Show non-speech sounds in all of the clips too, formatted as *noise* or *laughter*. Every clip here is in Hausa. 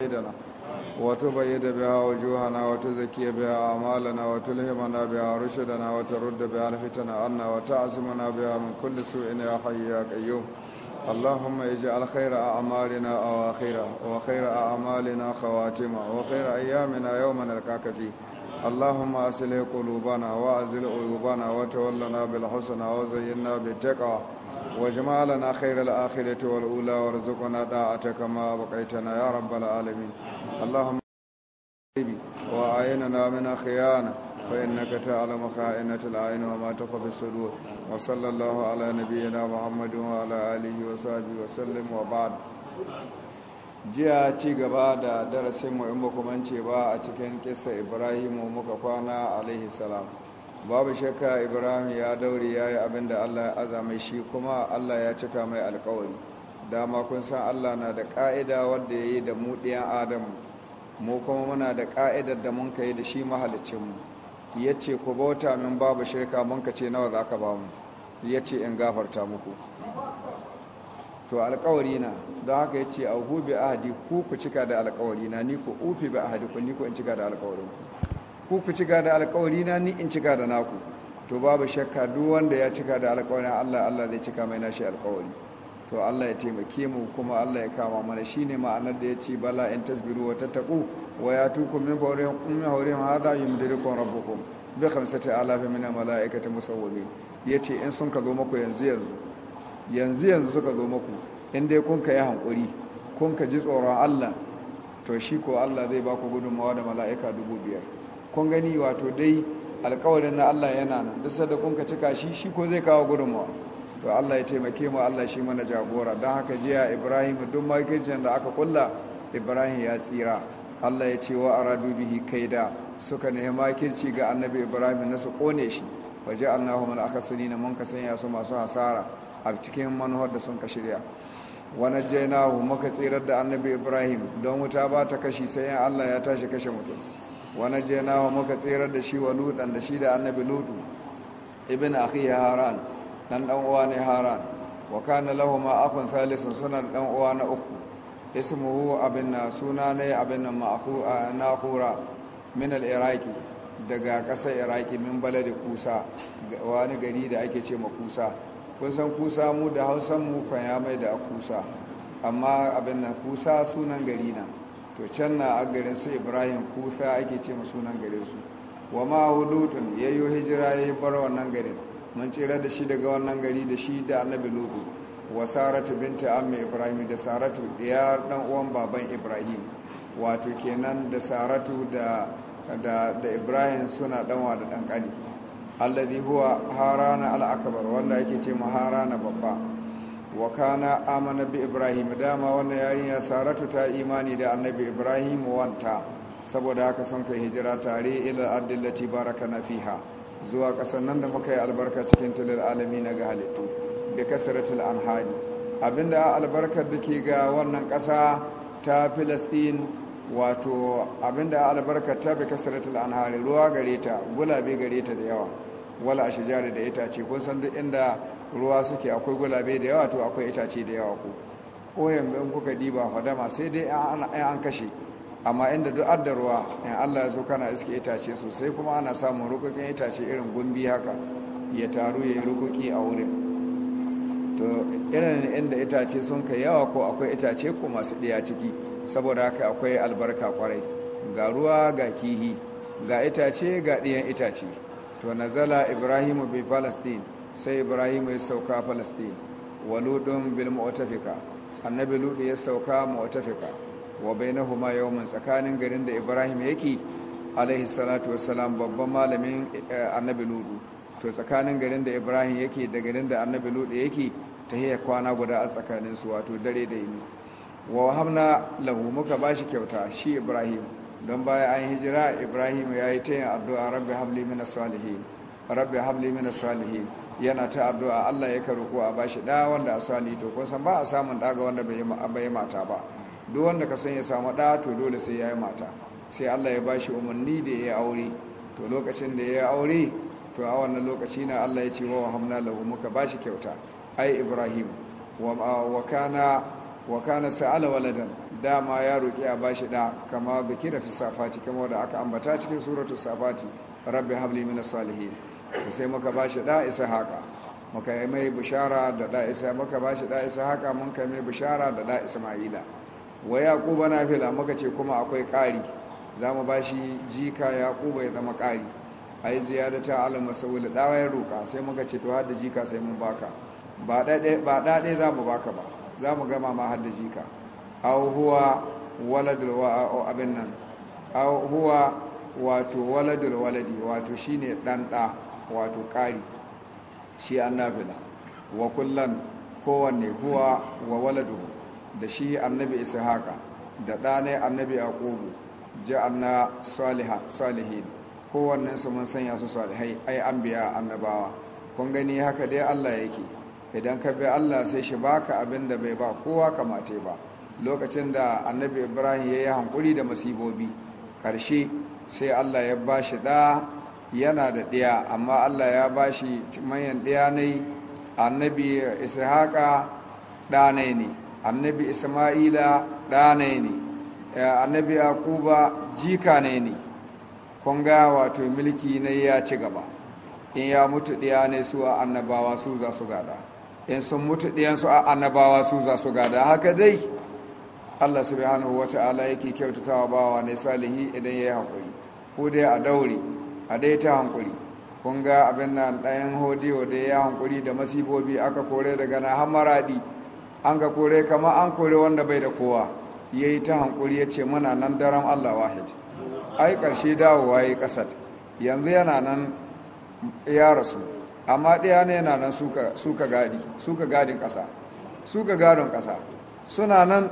سيدنا وتبيد بها وجوهنا وتزكي بها أعمالنا وتلهمنا بها رشدنا وترد بها الفتن عنا وتعصمنا بها من كل سوء يا حي يا قيوم اللهم اجعل خير أعمالنا أواخرة وخير أعمالنا خواتمة وخير أيامنا يوم نلقاك فيه اللهم أسله قلوبنا وأزل عيوبنا وتولنا بالحسنى وزينا بالتقوى واجمع خير الآخرة والأولى وارزقنا داعتك ما بقيتنا يا رب العالمين اللهم وأعيننا من خيانة فإنك تعلم خائنة العين وما تخفي الصدور وصلى الله على نبينا محمد وعلى آله وصحبه وسلم وبعد jiya ci gaba da darasin mu ba kuma ce ba a cikin kisa ibrahimu muka kwana alaihi salam babu shakka ibrahim ya daure ya yi abin da allah ya azamai shi kuma allah ya cika mai alkawari dama kun san allah na da ƙa'ida wadda ya yi da mu adamu mu kuma muna da ƙa'idar da mun ka yi da shi mahalicinmu ya ce ku bauta min babu shirka mun ka ce nawa za ka ba mu ya ce in gafarta muku to alkawari na don haka ya ce a hu ahadi ku ku cika da alkawari na ni ku ufi bi ahadi ku ni ku in cika da alkawarin ku ku ku cika da alkawari na ni in cika da naku to babu shakka duk wanda ya cika da alkawarin Allah Allah zai cika mai nashi alkawari to Allah ya taimake mu kuma Allah ya kama mana shine ma'anar da yace bala in tasbiru wa tattaqu wa yatukum min fawrihim um, min fawrihim hada yumdirukum rabbukum bi khamsati alafi min malaikati musawwimin yace in sun ka zo muku yanzu yanzu yanzu yanzu suka zo muku in dai kun ka yi hankuri kun ka ji tsoron Allah to shi ko Allah zai ba ku gudunmawa da mala'ika dubu biyar kun gani wato dai alkawarin na Allah yana nan duk da kun ka cika shi shi ko zai kawo mawa to Allah ya taimake mu Allah shi mana jagora don haka jiya Ibrahim duk makircin da aka kulla Ibrahim ya tsira Allah ya ce wa aradu bihi kaida suka nemi makirci ga annabi Ibrahim na su kone shi waje Allahu akhasini na mun ka sanya su masu hasara a cikin manuhar da sun ka shirya wani jainahu muka tsirar da annabi ibrahim don wuta ba ta kashi sai yan allah ya tashi kashe mutum wani jena wa muka tserar da shi wa ludan da shi da annabi ludu ibn akhi haran dan dan uwa ne haran wa kana ma akhun thalithun suna da dan uwa na uku ismuhu abin na suna ne abin na na khura min al-iraqi daga ƙasar iraqi min baladi kusa wani gari da ake ce ma kusa kun san kusa mu da hausan mu kwanya mai da kusa amma abin na kusa sunan gari na to can na a garin sai ibrahim kufa ake ce masu nan garin su wa ma hudutun ya yi hijira ya yi bar wannan garin mun tsira da shi daga wannan gari da shi da annabi lutu wa saratu binta amma ibrahim da saratu ya dan uwan baban ibrahim wato kenan da saratu da ibrahim suna danwa da dan kani alladhi huwa harana al-akbar wanda yake ce ma harana babba wa kana amana bi ibrahim dama wannan yarinya saratu ta imani da annabi ibrahim wanta saboda haka sun kai hijira tare ila ardillati barakana fiha zuwa kasan nan da muka yi albarka cikin tilal alami ga halittu bi kasratil anhadi abinda albarkar dake ga wannan kasa ta filastin wato abinda albarkar ta bi kasratil anhari ruwa gareta gulabe gareta da yawa wala ashjari da itace kun san duk inda ruwa suke akwai gulabe da yawa to akwai itace da yawa ku koyan in kuka diba fadama sai dai an kashe amma inda duk adda ruwa in Allah ya so kana iske itace sai kuma ana samun rukukin itace irin gumbi haka ya taru ya rukuki a wurin to irin inda itace sun kai yawa ko akwai itace ko masu ɗaya ciki saboda haka akwai albarka kwarai ga ruwa ga kihi ga itace ga ɗiyan itace to nazala ibrahimu bi palestine sai ibrahim ya sauka falastin wa ludun annabi ludu ya sauka mu'tafika wa bainahuma yawmin tsakanin garin da ibrahim yake alaihi salatu wassalam babban malamin eh, annabi ludu to tsakanin garin da ibrahim yake da garin da annabi ludu yake ta hiya kwana guda a tsakanin su wato dare da yini wa wahamna lahu muka bashi kyauta shi ibrahim don baya an hijira ibrahim ya yi ta yin addu'a rabbi habli minas salihin rabbi habli min salihin yana ta addu'a Allah ya roko a bashi da wanda a to kun san ba a samun da ga wanda bai mata ba duk wanda ka san ya samu da to dole sai yayi mata sai Allah ya bashi umarni da ya aure to lokacin da ya aure to a wannan lokaci na Allah ya ce wa hamna lahu muka bashi kyauta ai Ibrahim wa kana wa kana sa'ala waladan dama ya roki a bashi da kama bikira fi safati kama da aka ambata cikin suratul safati rabbi habli minas salihin sai muka ba shi da'isa haka muka yi mai bishara da da'isa muka ba shi da'isa haka mun yi mai bishara da da Wai wa na fila muka ce kuma akwai ƙari za mu ba shi jika yaquba ya zama ƙari ai ziyadata alal masawil dawa ya roka sai muka ce to har da jika sai mun baka ba daɗe ba za mu baka ba za mu gama ma har da jika aw waladul wa abin nan aw wato waladul waladi wato shine ɗan da wato ƙari shi annabila wa kullum kowanne huwa wa waladu da shi annabi isa haka, da ɗanai annabi yaqubu ja'anna salihan salihin kowannen su mun sanya su salihai ai an biya annabawa kun gani haka dai Allah yake idan ka bi Allah sai shi baka abin da bai ba kowa kamate ba lokacin da annabi Ibrahim ya yi hankuri da masibobi ƙarshe sai Allah ya ba shi ɗa yana da ɗaya amma Allah ya ba shi manyan ɗaya ne annabi ishaƙa ɗane ne annabi isma'ila ɗane ne eh, annabi yakuba jika ne ne kunga wato mulki na ya ci gaba in ya mutu ɗaya ne su a annabawa su za su gada in sun mutu ɗiyan su a annabawa su za su gada haka dai Allah subhanahu ala yake kyautatawa bawa ne salihi idan ya yi haƙuri ko dai a daure a dai ta hankuri kun ga abin nan ɗayan hodiyo da ya hankuri da masibobi aka kore daga na hamaraɗi an ga kore kama an kore wanda bai da kowa ya yi ta hankuri ya ce muna nan daren allah wahid ai ƙarshe dawowa ya yi ƙasar yanzu yana nan ya rasu amma ɗaya ne yana nan suka gadi suka gadin ƙasa suka gadon ƙasa suna nan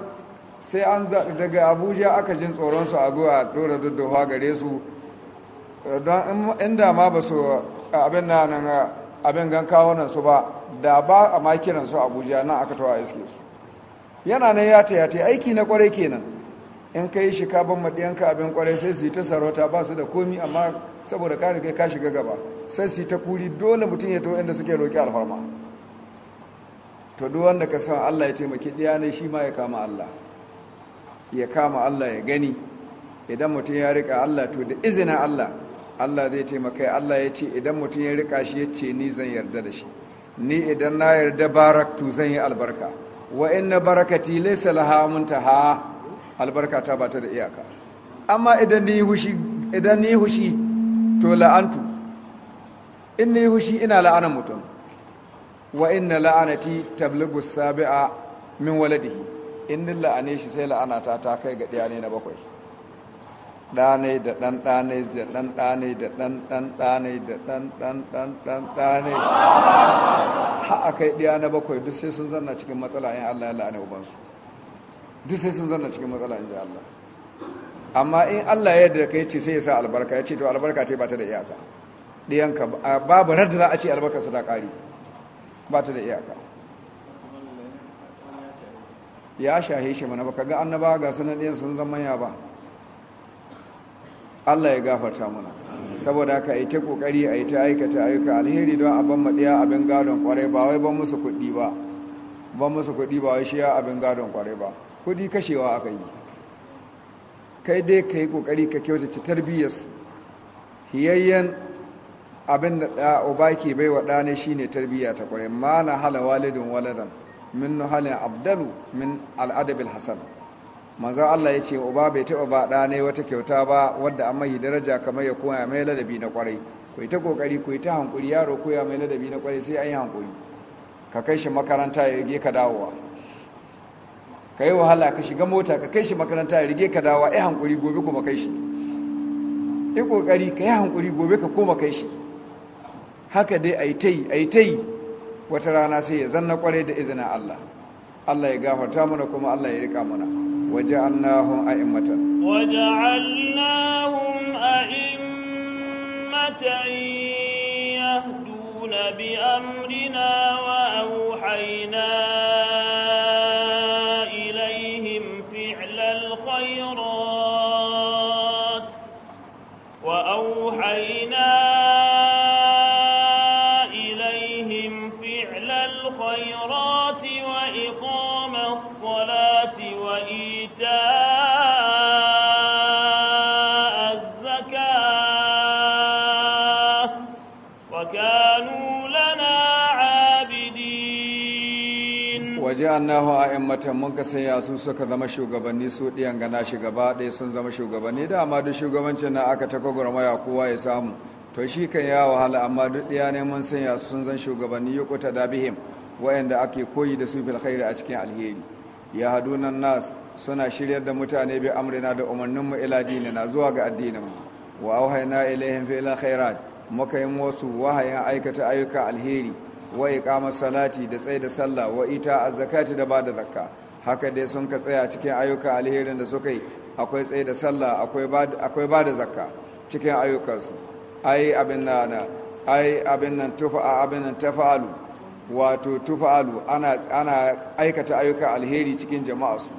sai an daga abuja aka jin tsoronsu a zuwa ɗora duddawa gare su don inda ma ba su abin nan abin gan kawunan su ba da ba a makinan su abuja nan aka tawa iske su yana nan ya tayata aiki na kwarai kenan in ka yi shika ban maɗiyanka abin kwarai sai su yi ta sarauta ba su da komi amma saboda ka riga ka shiga gaba sai su yi ta kuri dole mutum ya to inda suke roƙi alfarma to duk wanda ka san allah ya taimaki ɗiya ne shi ma ya kama allah ya kama allah ya gani idan mutum ya rika allah to da izinin allah Allah zai taimaka Allah ya ce idan mutum ya rika shi ya ce ni zan yarda da shi ni idan na yarda baraktu zan yi albarka wa inna barakati laysa laha muntaha albarka ta bata da iyaka amma idan ni hushi idan ni hushi to la'antu in ni hushi ina la'anan mutum wa inna la'anati tablugu sabi'a min waladihi in la'ane shi sai la'anata ta kai ga ɗiya ne na bakwai ɗane da ɗan ɗane da ɗan ɗane da ɗan ɗan ɗane da ɗan ɗan ɗan ɗan ɗane ha a kai ɗiya na bakwai duk sai sun zanna cikin matsala in Allah ya la'ana ubansu duk sai sun zanna cikin matsala in ji Allah amma in Allah ya yarda kai ce sai ya sa albarka ya ce to albarka ce ba ta da iyaka ɗiyanka babu da za a ce albarka su da ƙari ba ta da iyaka ya shahe shi mana ba ka ga annaba ga sanan ɗiyan sun zama ya ba Allah ya gafarta mana saboda ka yi ta kokari yi ta aikata ayyuka alheri don a maɗiya abin gadon kwarai ba wai ban musu kuɗi ba ban musu kuɗi ba wai shi ya abin gadon kwarai ba kuɗi kashewa aka yi kai dai ka yi kokari ka tarbiyyar su hiyayyen abin da ɗa uba ke bai wa ɗane shi ne tarbiyya ta kwarai ma na hala walidin waladan min halin abdalu min al'adabil hasan manzan Allah ya ce uba bai taɓa ba ɗa ne wata kyauta ba wadda an mai daraja kamar ya koya mai ladabi na kwarai ku ta kokari ku ta hankuri yaro koya mai ladabi na kwarai sai an yi hankuri ka kai shi makaranta ya rige ka dawowa ka yi wahala ka shiga mota ka kai shi makaranta ya rige ka dawowa ya hankuri gobe kuma kai shi Ya kokari ka yi hankuri gobe ka koma kai shi haka dai a yi ta yi a yi ta yi wata rana sai ya zanna kwarai da izinin Allah Allah ya gafarta mana kuma Allah ya rika mana وجعلناهم أئمة وجعلناهم أئمة يهدون بأمرنا ja'annahu a'immatan mun ka sanya su suka zama shugabanni su ɗiyan gana shi gaba ɗaya sun zama shugabanni da amma duk shugabancin na aka ta gwagwarmaya kowa ya samu to shi kan ya wahala amma duk ɗaya ne mun sanya su sun zan shugabanni ya kuta da bihim wa'anda ake koyi da su fil a cikin alheri ya nan nas suna shiryar da mutane bi amrina da umarnin mu ila na zuwa ga addininmu wa auhayna ilaihim fil khairat muka yi wasu wahayin aikata ayyuka alheri wa iqamas salati da tsaye da sallah wa ita a zakati da da zakka haka dai sun ka tsaya cikin ayyuka alherin da suka yi akwai tsaye da sallah akwai ba da zakka cikin ayyukansu ai abin nan ai abin nan tufa abin nan tafa'alu wato tufa'alu ana ana aikata ayyuka alheri cikin jama'arsu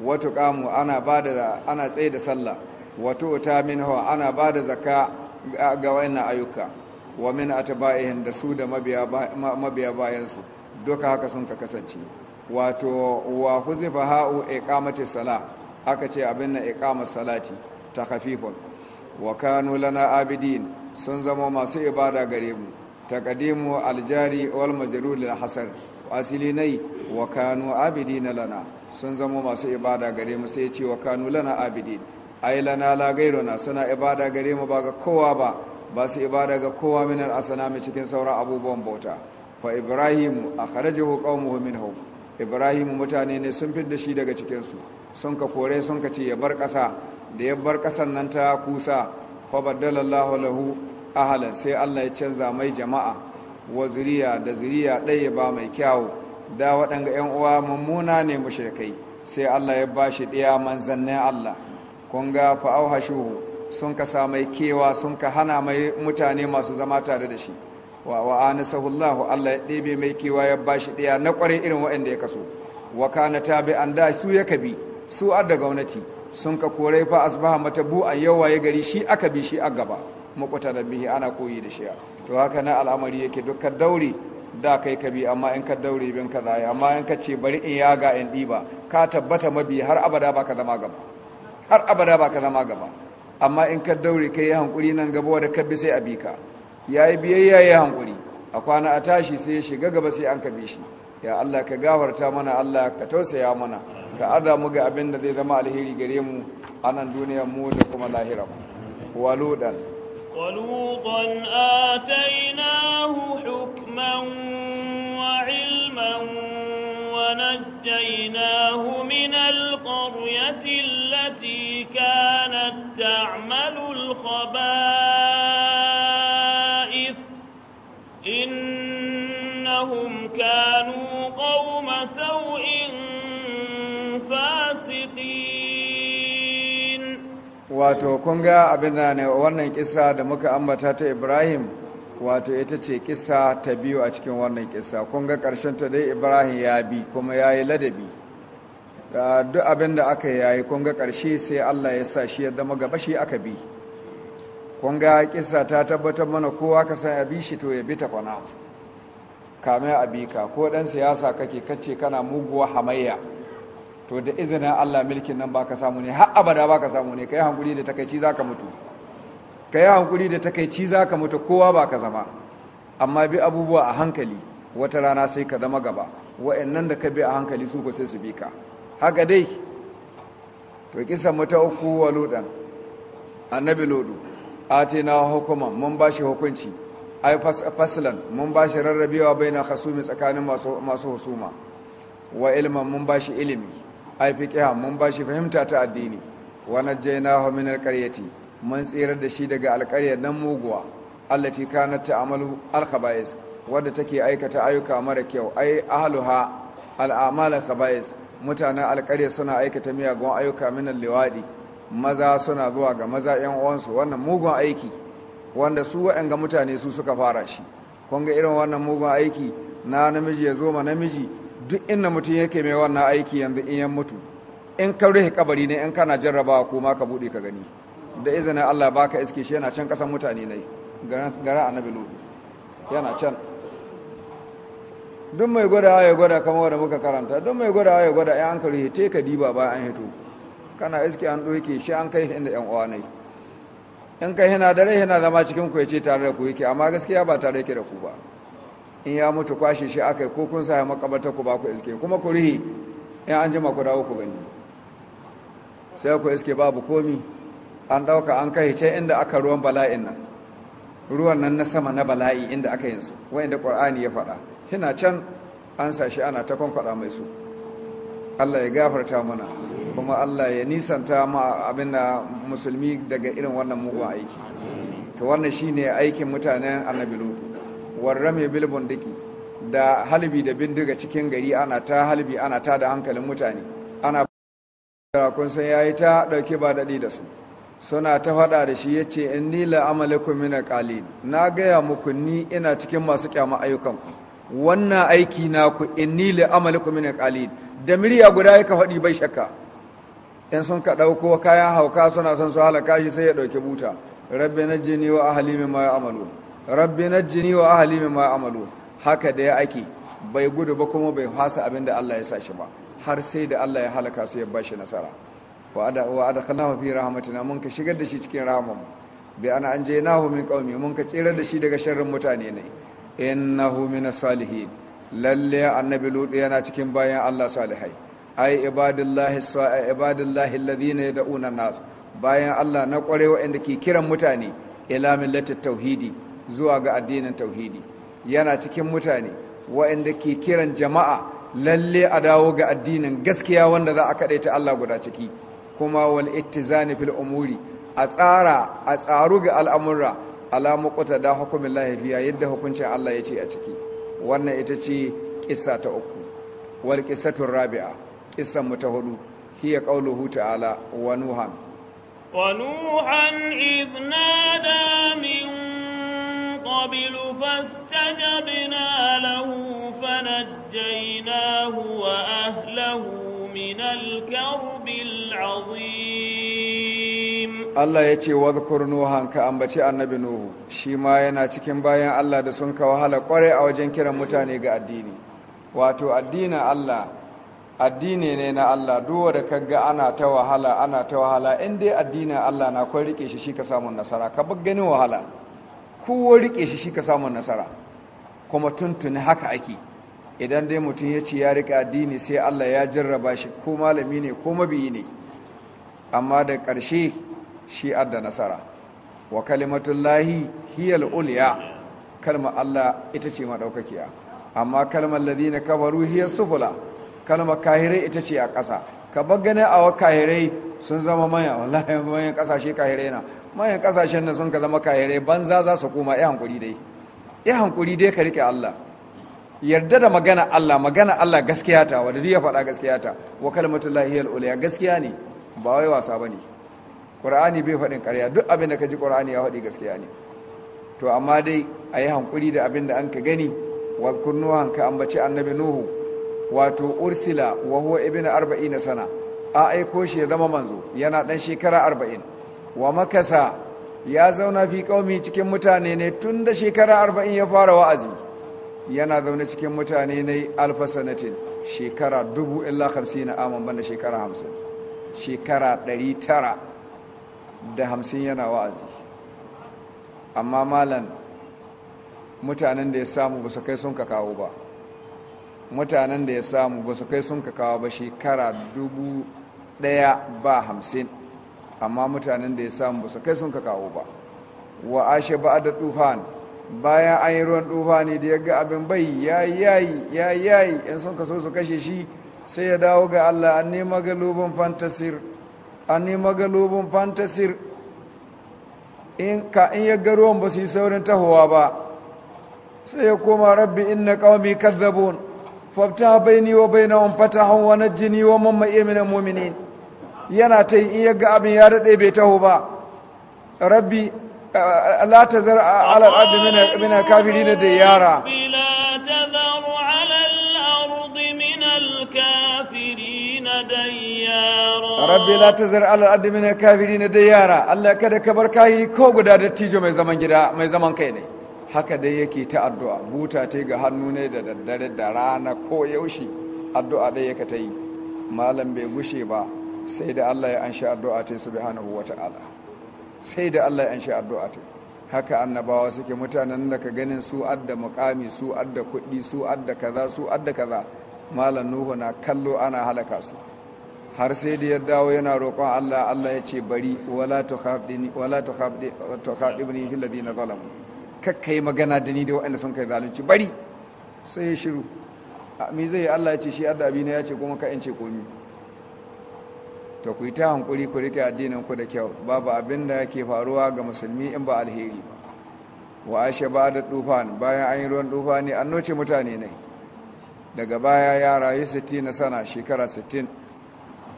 wato kamu ana bada ana tsaye da sallah wato ta minhu ana ba da zakka ga wayannan ayyuka wa min atba'ihim da su da mabiya bayansu duka haka sun ka kasance wato wa huzifa ha'u kamata sala aka ce abin na iqamas salati ta hafifon wa kanu lana abidin sun zama masu ibada gare mu Ta kadimu aljari wal majrur lil hasar asili nai wa kanu abidin lana sun zama masu ibada gare mu sai ce wa kanu lana abidin ai lana la suna ibada gare mu ba ga kowa ba ba su ibada ga kowa min asana mai cikin sauran abubuwan bauta fa ibrahim kawo qaumuhu minhu Ibrahimu mutane ne sun fidda shi daga cikin su sun ka kore sun ka ce ya bar kasa. da ya bar kasan nan ta kusa fa baddalallahu lahu ahlan sai Allah ya canza mai jama'a wa zuriya da zuriya ɗaya ba mai kyawu da waɗanga 'yan uwa mummuna ne mushrikai sai Allah ya bashi ɗaya manzannin Allah kun ga fa sun ka samai kewa sun ka hana mai mutane masu zama tare da shi wa wa anasahullahu Allah ya ɗebe mai kewa ya ba shi ɗaya na ƙwarai irin waɗanda ya kaso wa kana an da su ya kabi su da gwamnati sun ka korai fa asbaha matabu an ya gari shi aka bi shi a gaba makwata da bihi ana koyi da shi to haka na al'amari yake dukkan daure da kai ka bi amma in ka daure bin ka zaya amma in ka ce bari in yaga in ɗiba ka tabbata mabi har abada baka zama gaba har abada baka zama gaba amma in ka daure ka yi hankuri nan gaba ka bi sai a bi ka ya yi biyayya ya hankuri a kwana a tashi sai ya shiga gaba sai an ka bi shi ya Allah ka gafarta mana Allah ka tausaya mana ka ada mu ga abin da zai zama alheri gare mu a nan duniyar mu da kuma lahira mu waludan waludan atainahu hukman wa ilman ونجيناه من القرية التي كانت تعمل الخبائث إنهم كانوا قوم سوء فاسقين واتو كونغا أبنا wannan kisa da muka ambata ta Ibrahim wato ita ce kisa ta biyu a cikin wannan kisa kun ga ta dai ibrahim ya bi kuma ya yi ladabi duk abin da aka yayi kun ga ƙarshe sai allah ya sa shi ya zama gaba shi aka bi kun ga kisa ta tabbatar mana kowa ka san abi shi to ya bi ta kwana kame bi ka ko dan siyasa kake kace kana muguwa hamayya to da izinin allah milkin nan ba ka samu ne har abada ba ka samu ne ka yi hankuli da takaici za ka mutu ka yi hankuri da takaici za ka mutu kowa ba ka zama amma bi abubuwa a hankali wata rana sai ka zama gaba wa'annan da ka bi a hankali su ko sai su bi ka haka dai to kisan mata uku wa lodan annabi lodu a ce na hukuma mun ba shi hukunci ai fasilan mun ba shi rarrabewa bai baina khasumi tsakanin masu husuma wa ilman mun ba shi ilimi ai fiqiha mun ba shi fahimta ta addini wa najjaynahu min alqaryati mun tsirar da shi daga alƙaryar nan muguwa allati kanat ta'malu al-khaba'is wadda take aikata ayyuka mara kyau ai ahluha al-a'mal al-khaba'is mutanen alƙaryar suna aikata miyagun ayyuka min al-liwadi maza suna zuwa ga maza ƴan uwansu wannan mugun aiki wanda su waɗanga mutane su suka fara shi kun ga irin wannan mugun aiki na namiji ya zo ma namiji duk inda mutum yake mai wannan aiki yanzu in yan mutu in ka rufe kabari ne in kana jarrabawa ko ma ka bude ka gani da izinin Allah ba ka iske shi yana can kasan mutane ne gara nabi lobi yana can duk mai gwada ya gwada kama wadda muka karanta duk mai gwada ya gwada ya hankali te teka diba ba an hito kana iske an ɗoke shi an kai inda yan uwa ne in kai hina da rai hina zama cikin ku tare da ku yake amma gaskiya ba tare yake da ku ba in ya mutu kwashe shi yi ko kun sa ya makabata ku ba ku iske kuma ku rihi in an jima ku dawo ku gani sai ku iske babu komi an dauka an kai ce inda aka ruwan bala'in nan ruwan nan na sama na bala'i inda aka yin su wanda qur'ani ya faɗa hina can an sashi ana ta kwankwada mai su Allah ya gafarta mana kuma Allah ya nisanta ma abin da musulmi daga irin wannan mugun aiki to wannan shine aikin mutanen annabi lutu warrame bilbon duki da halibi da bindiga cikin gari ana ta halibi ana ta da hankalin mutane ana kun san yayi ta dauke ba daɗi da su suna ta faɗa da shi ya ce in ni la'amalakum mina ƙalil na gaya muku ni ina cikin masu ƙyama ayyukanku wannan aiki na ku in ni la'amalakum mina ƙalil da miliya guda yaka faɗi bai shakka in sun ka ɗauko kayan hauka suna son su halaka shi sai ya ɗauki buta rabbi na jini wa ahli mimma amalu. rabbi na jini wa ahli mimma amalu. haka da ya ake bai gudu ba kuma bai fasa abin da Allah ya sa shi ba har sai da Allah ya halaka su ya bashi nasara wa adakhalnahu fi rahmatina mun ka shigar da shi cikin rahman bi ana anjaynahu min qaumi mun ka tsirar da shi daga sharrin mutane ne innahu minas salihin lalle annabi lutu yana cikin bayan Allah salihai ai ibadillahi ibadillahi alladhina yad'una nas bayan Allah na kware waɗanda ke kiran mutane ila millatit tauhidi zuwa ga addinin tauhidi yana cikin mutane waanda ke kiran jama'a lalle a dawo ga addinin gaskiya wanda za a kaɗaita Allah guda ciki kuma wal ittizani fil umuri a tsara a tsaru ga al'amura, alamu kuta da hukumin lahifiya yadda hukuncin Allah ya ce a ciki wannan ita ce kissa ta uku wal qissatun rabi'a kissan mu ta hudu hiya qauluhu ta'ala wa nuhan wa nuhan id nada min qablu fastajabna lahu fanajjaynahu wa ahlahu min عظيم الله يتي واذكر نوحا كأنبتي النبي نوح شيما yana cikin bayan Allah da sun ka wahala kware a wajen kiran mutane ga addini wato addinin Allah addini ne na Allah duwa da kaga ana ta wahala ana ta wahala in dai addinin Allah na kwai rike shi shi ka samu nasara ka bar ganin wahala kowa rike shi shi ka samu nasara kuma tuntuni haka ake idan dai mutum ya ce ya rike addini sai Allah ya jarraba shi ko malami ne ko mabiyi ne amma da ƙarshe shi adda nasara wa lahi hiyal ulya kalmar Allah ita ce maɗaukakiya amma kalmar ladina kabaru hiyar sufula kalmar kahirai ita ce a ƙasa ka bagane a wa kahirai sun zama maya wallahi mayan ƙasashe kahirai na mayan ƙasashen na sun ka zama kahirai banza za su koma ya hankuri dai ya hankuri dai ka rike Allah yarda da magana Allah magana Allah gaskiya ta wadda ya faɗa gaskiya ta wa kalmatullahi hiyal uliya gaskiya ne ba wai wasa ba ne ƙura'ani bai faɗin ƙarya duk abin da ka ji ƙura'ani ya faɗi gaskiya ne to amma dai a yi hankuri da abin da an ka gani kunnu nuhan ka ambaci annabi nuhu wato ursila wa huwa ibn arba'in na sana a aiko shi ya zama manzo yana ɗan shekara arba'in wa makasa ya zauna fi ƙaumi cikin mutane ne tun da shekara arba'in ya fara wa'azi yana zaune cikin mutane ne alfasanatin shekara dubu illa hamsin na aman banda shekara hamsin shekara 950 yana wa'azi amma malan mutanen da ya samu ba su kai sun ka kawo ba mutanen da ya samu ba su kai sun ka kawo ba shekara 1000 ba hamsin, amma mutanen da ya samu ba su kai sun ka kawo ba wa ashe ba da tufan bayan an yi ruwan tufani da ya ga abin bai yayi yayi yayi yan sun kaso su kashe shi sai ya dawo ga Allah an nema magalubin fantasir an nema magalubin fantasir in ka in ya garo ba su yi saurin tahowa ba sai ya koma rabbi inna qaumi kadzabun fafta baini wa bainahum fatahan wa najini wa mamma min mu'minin yana ta in ya ga abin ya dade bai taho ba rabbi la tazar ala al-ardi min al-kafirin da yara rabbi la tazar ala ardi min na da yara Allah kada ka bar kahiri ko guda dattijo mai zaman gida mai zaman kai ne haka dai yake ta addu'a buta ta ga hannu ne da daddare da rana ko yaushe addu'a dai yake ta yi malam bai gushe ba sai da Allah ya anshi addu'a ta subhanahu wata'ala sai da Allah ya anshi addu'a ta haka annabawa suke mutanen da ka ganin su adda mukami su adda kuɗi su adda kaza su adda kaza malam nuhu na kallo ana halaka su har sai da ya dawo yana roƙon Allah Allah ya ce bari wala tukhabdini wala tukhabdi tukhabdini fil ladina zalamu kakkai magana da ni da waɗanda sun kai zalunci bari sai ya shiru me zai yi Allah ya ce shi addabi ne ya ce kuma ka ince komi to ku yi ta hankuri ku rike addinin ku da kyau babu abin da yake faruwa ga musulmi in ba alheri ba wa ashe ba da tufan bayan an yi ruwan tufani an noce mutane ne daga baya ya rayu 60 na sana shekara 60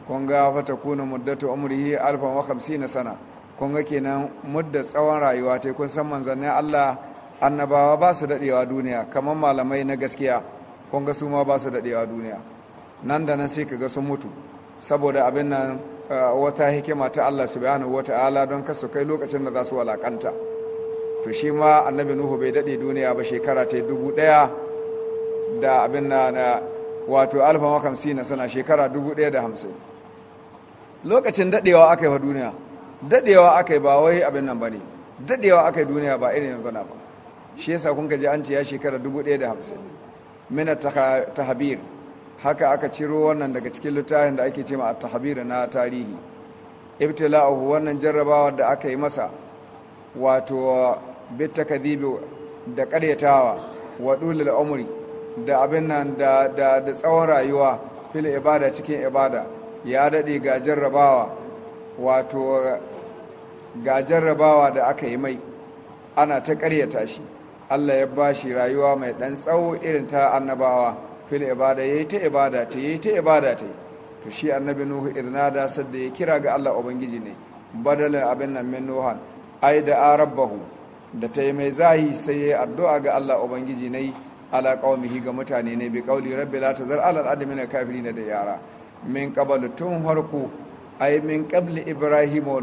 kun ga fata kuna muddatu umrihi alfan wa khamsina sana kun ga kenan mudda tsawon rayuwa ta kun san manzannin Allah annabawa ba su dadewa duniya kamar malamai na gaskiya kun ga su ma ba su dadewa duniya nan da nan sai ka ga sun mutu saboda abin nan wata hikima ta Allah subhanahu wata'ala don kasu kai lokacin da za su walakanta to shi ma annabi nuhu bai dade duniya ba shekara ta dubu daya da abin na wato alfa makamsi na sana shekara dubu daya da hamsin lokacin dadewa aka yi wa duniya dadewa aka yi ba wai abin nan bane dadewa aka yi duniya ba irin yanzu na ba shi yasa kun kaji an ce ya shekara 1150 mina tahbir haka aka ciro wannan daga cikin littafin da ake cewa at-tahbir na tarihi ibtila'uhu wannan jarrabawar da aka yi masa wato bit da karyatawa wa dulul umri da abin nan da da tsawon rayuwa fil ibada cikin ibada ya daɗe ga jarrabawa wato ga jarrabawa da aka yi mai ana ta ƙaryata shi Allah ya ba shi rayuwa mai ɗan tsawo irin ta annabawa fil ibada ya yi ta ibada ta yi ta ibada ta to shi annabi nuhu irnada sadda ya kira ga Allah ubangiji ne badalin abin nan min nuhan ai da arabahu da ta yi mai zahi sai ya yi addu'a ga Allah ubangiji ne ala qaumihi ga mutane ne bi Rabi rabbi la zar alal adamina kafirin da yara min kabalu tun harko yi min kabli ibrahim wa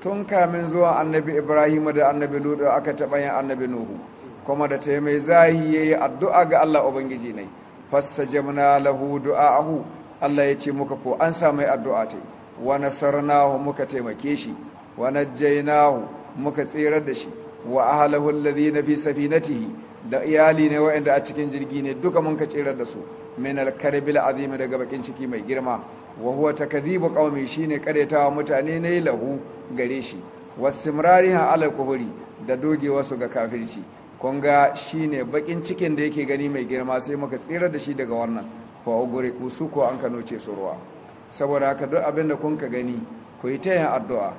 tun kamin zuwa annabi ibrahim da annabi lut aka taba yin annabi nuhu kuma da taimai mai zahi yi addu'a ga Allah ubangiji ne Fassa fasajabna lahu ahu? Allah ya ce muka ko an sa mai addu'a ta wani sarnahu muka taimake shi wani nahu muka tsirar da shi wa ahlahu na fi safinatihi da iyali ne waɗanda a cikin jirgi ne duka mun ka tsirar da su min al-karbil azim daga bakin ciki mai girma wa huwa takdhibu qaumi shine karetawa mutane ne lahu gare shi wasimrariha ala kuburi da dogewa su ga kafirci kun ga shine bakin cikin da yake gani mai girma sai muka tsirar da shi daga wannan fa ugure ku ko an kano ce ruwa saboda haka duk abin da kun ka gani ku yi ta yin addu'a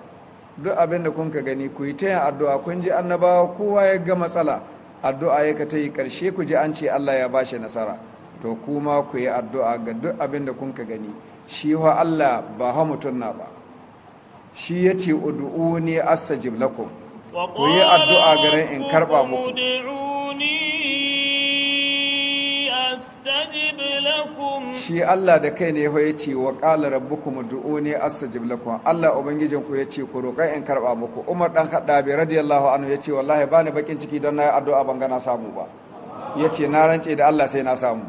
duk abin kun ka gani ku yi ta addu'a kun ji annabawa kowa ya ga matsala addu'a ya ta yi ƙarshe ku ji an ce Allah ya bashi nasara to kuma ku yi addu'a ga duk abin da kun ka gani shi wa Allah ba ha mutum na ba shi ya ce udu'u ne asajib lakum ku yi addu'a garin in karɓa muku shi Allah da kai ne ya ce wa qala rabbukum ud'uni astajib lakum Allah ubangijin ku yace ku roƙa in karba muku Umar dan Khattabi radiyallahu anhu yace wallahi bani bakin ciki don nayi addu'a ban gana samu ba yace na rance da Allah sai na samu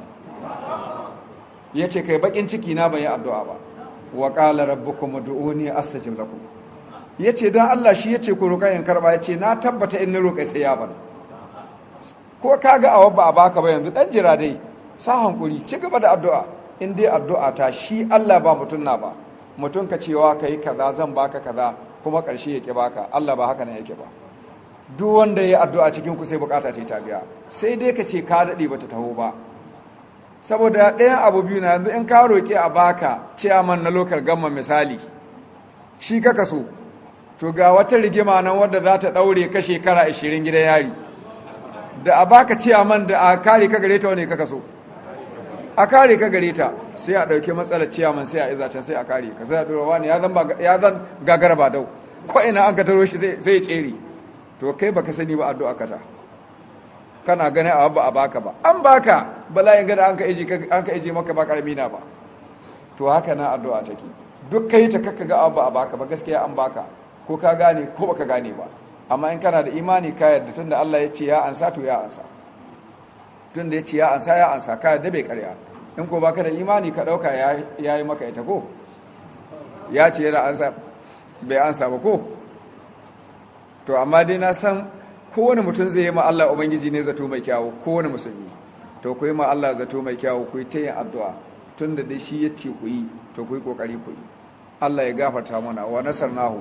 yace kai bakin ciki na ban yi addu'a ba wa qala rabbukum ud'uni astajib lakum yace dan Allah shi yace ku roƙa in karba yace na tabbata in ni roƙa sai ya bana ko kaga awabba a baka ba yanzu dan jira dai sa hankuri ci gaba da addu'a in dai addu'a ta shi Allah ba mutum na ba mutum ka cewa ka yi kaza zan baka kaza kuma ƙarshe ya ƙi baka Allah ba haka nan yake ba duk wanda ya addu'a cikin ku sai bukata ta ta biya sai dai ka ce ka daɗe ba ta taho ba saboda ɗayan abu biyu na yanzu in ka roƙi a baka ciyaman na lokal gamma misali shi ka so to ga wata rigima nan wadda za ta ɗaure ka shekara 20 gidan yari da a baka ciyaman da a kare ka gare ta ka kaka so a kare ka gare ta sai a ɗauki matsalar ciyaman sai a iza can sai a kare ka sai a dora wani ya zan gagara ba dau ko ina an ka taro shi zai tsere to kai baka sani ba addu'a ka ta kana gane a ba a baka ba an baka bala'in gada an ka eji an ka eji maka ba karami na ba to haka na addu'a take duk kai ta kaka ga abu a baka ba gaskiya an baka ko ka gane ko baka gane ba amma in kana da imani ka yarda tunda Allah ya ce ya ansa to ya ansa tun da ya ce ya ansa ya ansa ka yadda bai karya in ko baka da imani ka dauka ya yi maka ita ko ya ce yana ansa bai ansa ba ko to amma dai na san kowane mutum zai yi ma Allah ubangiji ne zato mai kyawu kowane musulmi to ku yi ma Allah zato mai kyawu ku ta yin addu'a tun da dai shi ya ce ku yi to ku yi kokari ku Allah ya gafarta mana wa nasarnahu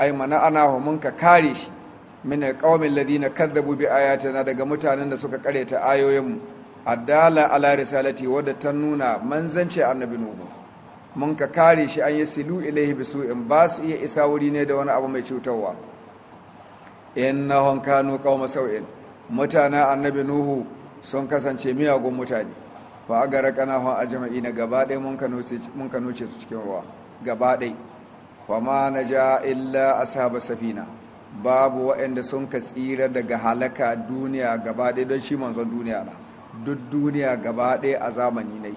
ai mana ana homin ka kare shi min alqawmin ladina kadzabu bi ayatina daga mutanen da suka ta ayoyinmu adala ala risalati wadda ta nuna manzance annabi nuhu mun ka kare shi an yasilu ilaihi bisu'in ba su iya isa wuri ne da wani abu mai cutarwa innahum kanu qawma sau'in mutanen annabi nuhu sun kasance miyagun mutane fa agarakana hum ajma'ina gaba ɗaya mun ka noce su cikin ruwa gaba ɗaya fama na ja illa ashaba safina babu waɗanda sun ka tsira daga halaka duniya gaba ɗaya don shi manzon duniya na duk duniya gaba ɗaya a zamani ne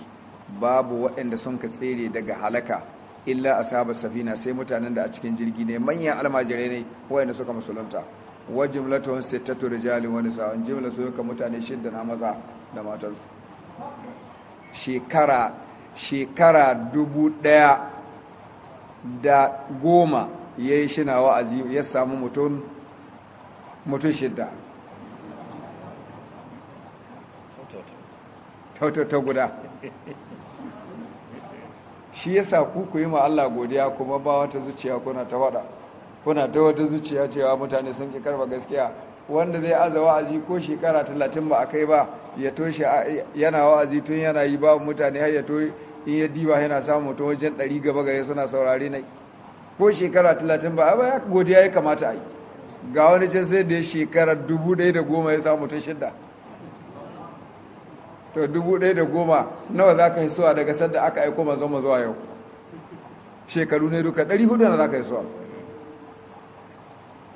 babu waɗanda sun ka tsere daga halaka illa saba safina sai mutanen da a cikin jirgi ne manyan almajirai ne waɗanda suka musulunta wa jumlatun sittatu rijalin wani sa'an jimla su ka mutane shidda na maza da matansu shekara shekara dubu ɗaya da goma ya yi shina wa'azi ya samu mutum shidda guda shi ya sa ku yi ma Allah godiya kuma ba wata zuciya kuna ta wada kuna ta wata zuciya cewa mutane sun ki karba gaskiya wanda zai aza wa'azi ko shekara talatin ba a kai ba ya toshe yana wa'azi tun yana yi ba mutane har ya in ya diba yana samu ta wajen ɗari gaba gare suna saurare na ko shekara talatin ba ba ya godiya ya kamata a yi ga wani can sai da ya shekara dubu ɗaya da goma ya samu ta shidda to dubu ɗaya da goma nawa za ka yi suwa daga sadda aka aiko manzon mazo a yau shekaru ne duka ɗari hudu na za ka yi suwa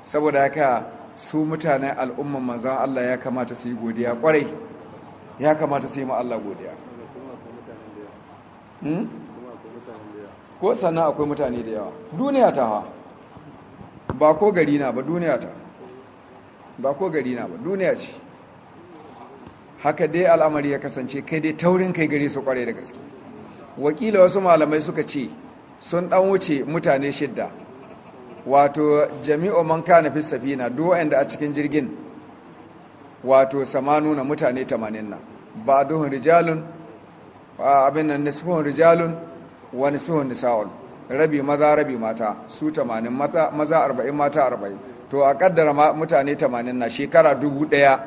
saboda haka su mutanen al'umman manzon Allah ya kamata su yi godiya kwarai ya kamata su yi ma Allah godiya Hmm? ko sannan akwai mutane da yawa duniya ta ha ba ko gari na ba duniya ta ba ko gari na ba duniya ce haka dai al'amari ya kasance kai dai taurin kai gari su kware da gaske wakila wasu malamai suka ce sun dan wuce mutane shidda wato jami'o man kana fi safina duk wanda a cikin jirgin wato samanu na mutane 80 na ba duhun rijalun Ah, abin nan nisfuhun rijalun wa nisfuhun nisa'un rabi maza rabi mata su 80 maza 40 mata 40 to a kaddara mutane 80 na shekara 1000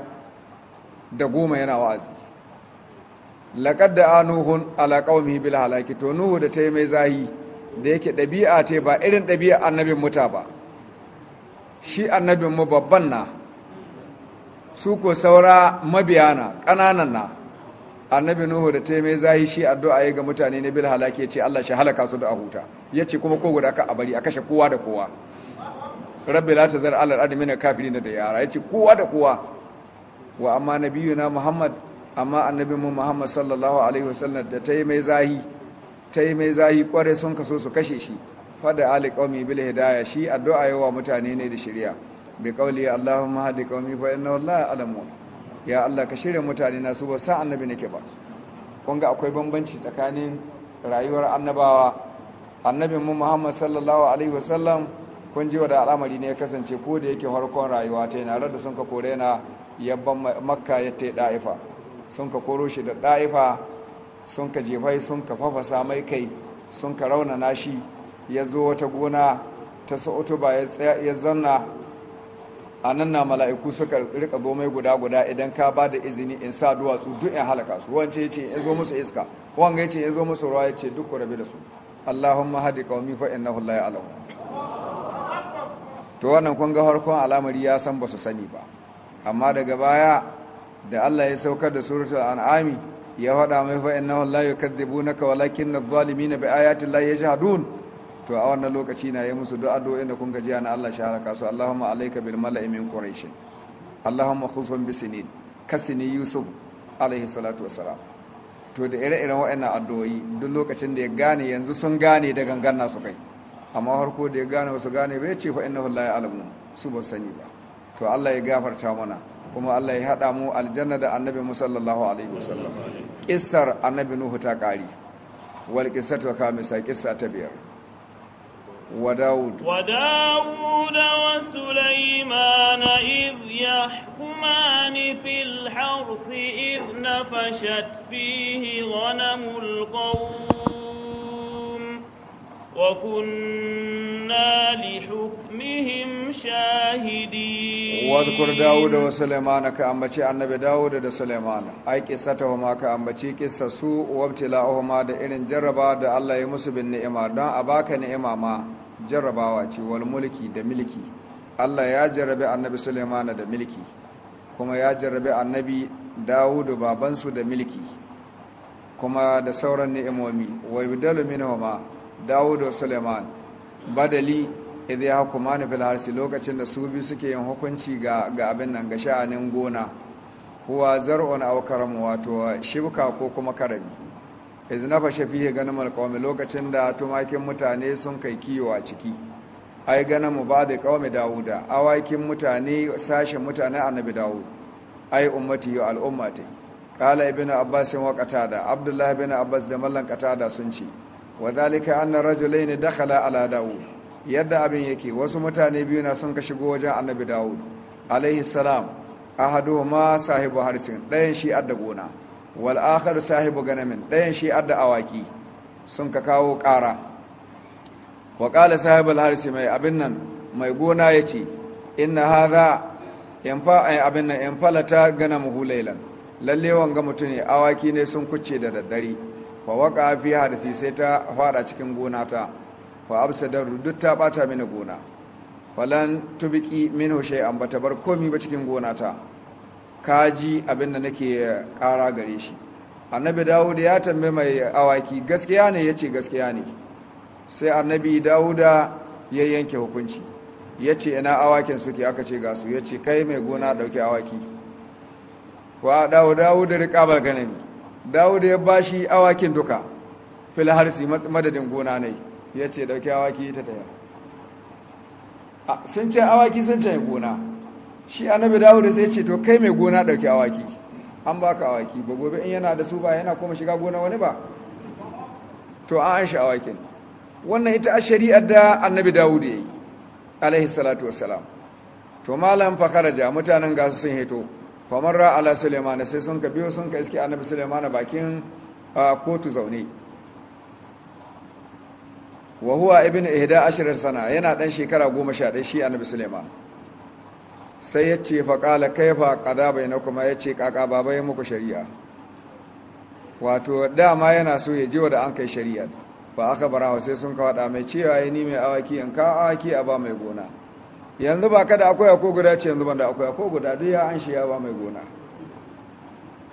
da goma yana wa'azi laqad da nuhun ala qaumi bil halaki to nuhu da tai mai zahi da yake dabi'a ce ba irin dabi'a annabin muta ba shi annabin mu babban na su ko saura mabiyana ƙananan na annabi nuhu da ta mai zahi shi addu'a ya ga mutane na bil halaki ce Allah shi halaka su da a huta yace kuma ko guda ka a bari a kashe kowa da kowa rabbi la tazar alal adamina kafirin da yara yace kowa da kowa wa amma nabiyuna muhammad amma annabi mu muhammad sallallahu alaihi wasallam da ta mai zahi ta mai zahi kware sun kaso su kashe shi fada ali bil hidaya shi addu'a yawa mutane ne da shirya bi qawli allahumma hadi qaumi fa inna wallahi alamun ya Allah ka shirya mutane na su ba sa annabi nake ba kun akwai bambanci tsakanin rayuwar annabawa annabin mu Muhammad sallallahu alaihi wasallam kun ji wada al'amari ne ya kasance ko da yake harkon rayuwa ta yana da sun ka kore na yabban makka ya ta da'ifa sun ka koro shi da da'ifa sun ka jefai sun ka fafasa mai kai sun ka raunana shi ya zo wata gona ta sa'utu ba ya zanna a nan na mala'iku suka rika zo mai guda guda idan ka ba da izini in sa duwatsu duk in halaka su wance ya ce in zo musu iska wanga ya ce in zo musu ruwa ya ce duk ku rabe da su allahumma hadi qaumi fa innahu la ya'lamu to wannan kun ga farkon al'amari ya san ba su sani ba amma daga baya da Allah ya saukar da suratul an'ami ya faɗa mai fa innahu la yukadzibunaka walakinna adh-dhalimina bi ya llahi yajhadun to a wannan lokaci na yi musu du'a do'in da kun jiya na Allah shi halaka su Allahumma alayka bil mala'i min quraish Allahumma khufan sinin kasini yusuf alaihi salatu wassalam to da ire-iren waɗannan addu'o'i duk lokacin da ya gane yanzu sun gane da gangan nasu kai amma harko da ya gane wasu gane bai ce fa innahu la ya'lamu su ba sani ba to Allah ya gafarta mana kuma Allah ya hada mu aljanna da annabi mu sallallahu alaihi wasallam kissar annabi nuhu ta kari wal qissatu kamisa qissa ta biyar وداود وداود وسليمان إذ يحكمان في الحرث إذ نفشت فيه غنم القوم وكنا لحكمهم شاهدين واذكر داود وسليمان كأنبتي النبي داود دا سليمان أي قصتهما كأنبتي قصة سوء وابتلاؤهما دا إن جربا دا الله يمسو بالنئمة دا أباك نئمة ما jarrabawa ce wal mulki da milki Allah ya jarrabe annabi Sulemana da milki kuma ya jarrabe annabi Dawudu babansu da milki kuma da sauran ni'imomi wa yudalu minhuma Dawudu wa Sulaiman badali idh yahkumani fil harsi lokacin da su biyu suke yin hukunci ga ga abin nan ga sha'anin gona huwa zar'un aw mu, wato shibka ko kuma karami iznafa shafihe ganin malkawami lokacin da tumakin mutane sun kai kiyo a ciki ai gana mu ba da kawami dawuda awakin mutane sashen mutane annabi dawud ai ummati yau al'umma ta kala ibn abbas wa da abdullahi ibn abbas da mallan da sun ce wa zalika anna ne dakhala ala dawud yadda abin yake wasu mutane biyu na sun ka shigo wajen annabi dawud alaihi salam ahaduhuma sahibu harsin ɗayan shi adda gona wal'akar akhar sahibu ganamin ɗayan shi adda awaki sun ka kawo ƙara wa qala sahibul harsi mai abin nan mai gona yace inna hadha yanfa eh, abin nan gana mu hulailan lalle wanga mutune awaki ne sun kuce da daddare wa waka fi hadisi sai ta fada cikin gona ta fa absadar duk ta bata mini gona falan tubiki minhu shay'an bata bar komi ba cikin gona ta kaji abinda nake kara gare shi annabi dawuda ya tambe mai awaki gaskiya ne yace gaskiya ne sai annabi dawuda ya yanke hukunci yace ina awakin suke aka ce gasu yace kai mai gona dauke awaki wa dawo dawuda riqabal ganami dawuda ya bashi awakin duka filharsi madadin gona ne yace dauke awaki ta taya sun ce awaki sun ce gona shi annabi dawud sai ce to kai mai gona dauki awaki an baka awaki ba gobe in yana da su ba yana kuma shiga gona wani ba to an an shi awakin wannan ita a shari'ar da annabi dawud yayi alaihi salatu wassalam to malam fa kharaja mutanen gasu sun hito famarra ala suleiman sai sun ka biyo sun ka iske annabi suleiman bakin kotu zaune wa huwa ibn ihda ashrar sana yana dan shekara 11 shi annabi suleiman sai ya ce faƙala kaifa ƙada bai na kuma ya ce ƙaƙa baba ya muku shari'a wato dama yana so ya ji wa da an kai shari'a ba aka bara sai sun waɗa mai cewa ya ni mai awaki in ka awaki a ba mai gona yanzu ba kada akwai ako guda ce yanzu ban da akwai ako guda duk ya an shi ya ba mai gona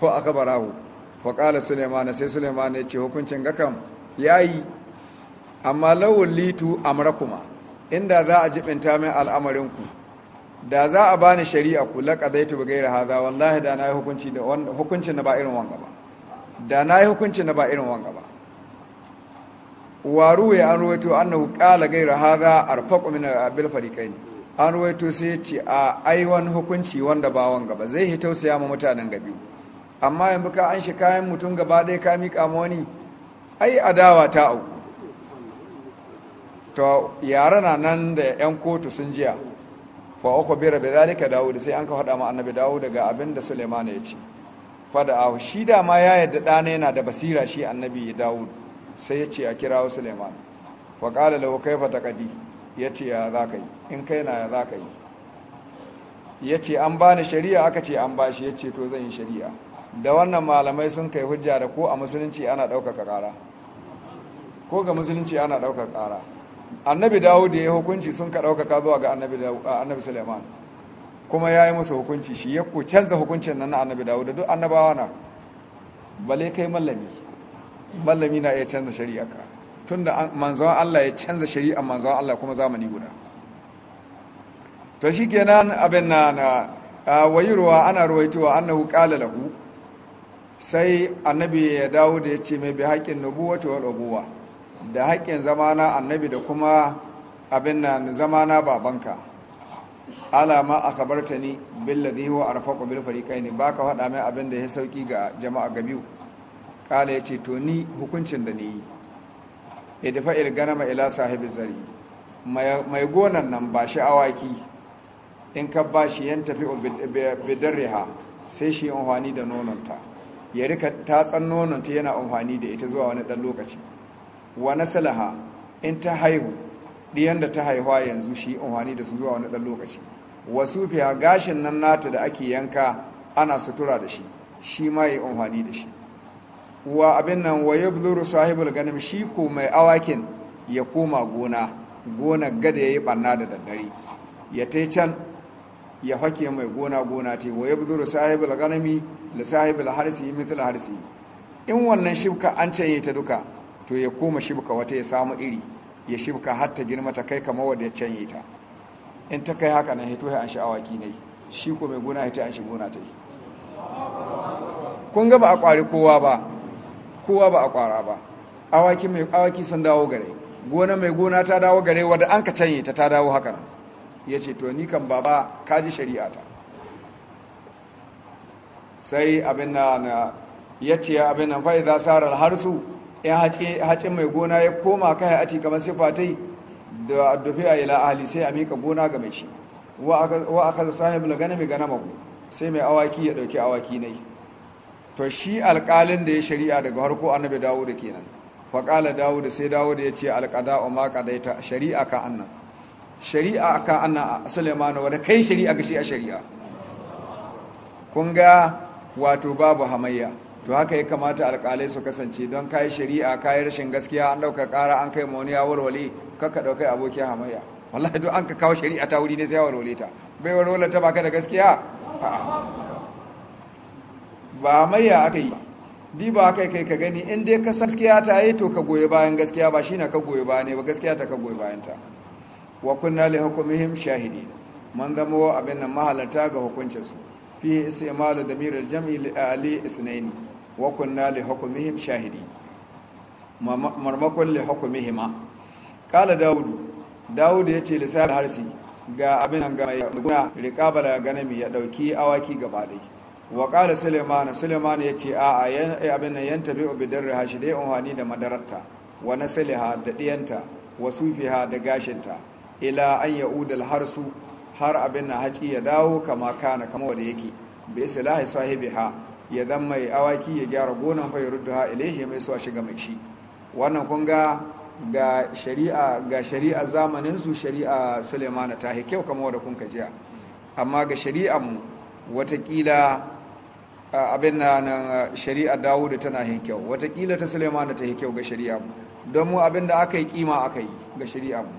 ko aka bara faƙala sulemana sai sulemana ya ce hukuncin ga kam ya yi amma lawon litu kuma. inda za a jibinta min al'amarinku da za a bani shari'a ku laqadaitu bi ghairi hadha wallahi da nayi hukunci da hukuncin na ba irin wanga ba da nayi hukuncin na ba irin wanga ba waru ya an ruwaito annahu qala ghairi hadha arfaqu min bil fariqain an ruwaito sai ce a aiwan hukunci wanda ba wanga ba zai hito sai ma mutanen gabi amma yanzu ka an shi kayan mutum gaba ɗaya ka miƙa ma wani ai adawa ta auku to yare na nan da 'yan kotu sun jiya fa uku bira bi zalika dawud sai an ka faɗa ma annabi dawud daga abin da suleiman ya ce fada ahu shi da ma ya yadda dana yana da basira shi annabi dawud sai ya ce a kirawo suleiman fa qala lahu kayfa taqadi ya ce ya za ka yi in kai na ya za ka yi ya ce an bani shari'a aka ce an bashi ya ce to zan yi shari'a da wannan malamai sun kai hujja da ko a musulunci ana ɗaukaka ƙara ko ga musulunci ana ɗaukaka ƙara annabi dawud da ya hukunci sun ka ɗaukaka zuwa ga annabi suleiman kuma ya yi musu hukunci shi ya ku canza hukuncin nan na annabi dawud da duk annabawa na bale kai mallami mallami na iya canza shari'a ka tun da manzawan allah ya canza shari'a manzawan allah kuma zamani guda to shi nan abin na na wayirwa ana ruwaituwa annahu qala lahu sai annabi ya dawo da ya ce mai bi haƙƙin nubuwatu wal da haƙƙin zamana annabi da kuma abin nan zamana babanka alama a kabarta ni billadi huwa arfaqu bil fariqain baka faɗa mai abin da ya sauki ga jama'a ga biyu kala yace to ni hukuncin da nayi idfa il ganama ila sahibi zari mai gonan nan ba shi awaki in ka ba shi yan tafi bidarriha sai shi amfani da nononta ya rika tatsan nononta yana amfani da ita zuwa wani dan lokaci wa nasalaha in ta haihu ɗiyan da ta haihuwa yanzu shi unhani da su zuwa wani ɗan lokaci wasu fiya gashin nan nata da ake yanka ana sutura da shi shi ma yi unhani da shi wa abin nan wa yi buzuru sahibul ganin shi ko mai awakin ya koma gona gona gada ya yi ɓanna da daddare ya ta can ya hake mai gona gona ce wa yi buzuru sahibul ganami da sahibul harsi harsi in wannan shibka an canye ta duka to ya koma shibka wata ya samu iri ya shibka har ta girma ta kai kamar wadda ya canye ta in ta kai haka nan hito ya an ki ne shi ko mai gona hito an shi gona ta yi kun ga ba a kwari kowa ba kowa ba a kwara ba awaki mai awaki sun dawo gare gona mai gona ta dawo gare wadda an ka canye ta ta dawo haka nan ya ce to ni kan baba ka ji shari'a ta sai abin na ya ce abin nan fa'iza sarar harsu in hacin mai gona ya koma kai ati kamar sifatai da a ila ahli sai a mika gona ga mai shi wa aka sahib mai gana ganamahu sai mai awaki ya dauki awaki nai to shi alƙalin da ya shari'a daga harko annabi dawo da kenan Faƙala dawo da sai dawo da yace alqada'u ma qadaita shari'a ka annan shari'a ka annan Sulaiman wadda kai shari'a ga shi a shari'a kun ga wato babu hamayya to haka ya kamata alƙalai su kasance don kayi shari'a kayi rashin gaskiya an ɗauka ƙara an kai wani ya warwale kakka ɗaukai abokin hamayya wallahi duk an ka kawo shari'a ta wuri ne sai ya warware ta bai warwale ta baka da gaskiya ba hamayya aka yi diba aka yi kai ka gani in dai ka gaskiya ta yi to ka goye bayan gaskiya ba shi na ka goye bayan ne ba gaskiya ta ka goye bayan ta wa kunna li hukumihim shahidi man zama abin nan mahalarta ga hukuncinsu fi istimalu damirul jam'i ah, li isnaini Wakunna kunna li shahidi marmakon li hukmihima qala daudu daudu yace lisan harsi ga abin ga mai guna riqabala ganami ya dauki awaki gaba dai wa qala sulaiman sulaiman yace a a eh, abin nan yantabi bi darri hashidai unhani da madararta wa nasliha da diyanta wa sufiha da gashinta ila an ya'udal harsu har abin na ya dawo kama kana kama wanda yake bi islahi sahibiha ya dan mai awaki ya gyara gonan fa ya rudduha ilaihi mai suwa shiga mai shi wannan kun ga ga shari'a ga shari'a zamanin su shari'a Sulaimana ta hi kyau kamar wanda kun ka jiya amma ga shari'a mu watakila abin na shari'a Dawud tana hi kyau kila ta Sulaimana ta hi kyau ga shari'a mu don mu abin da aka yi kima aka yi ga shari'a mu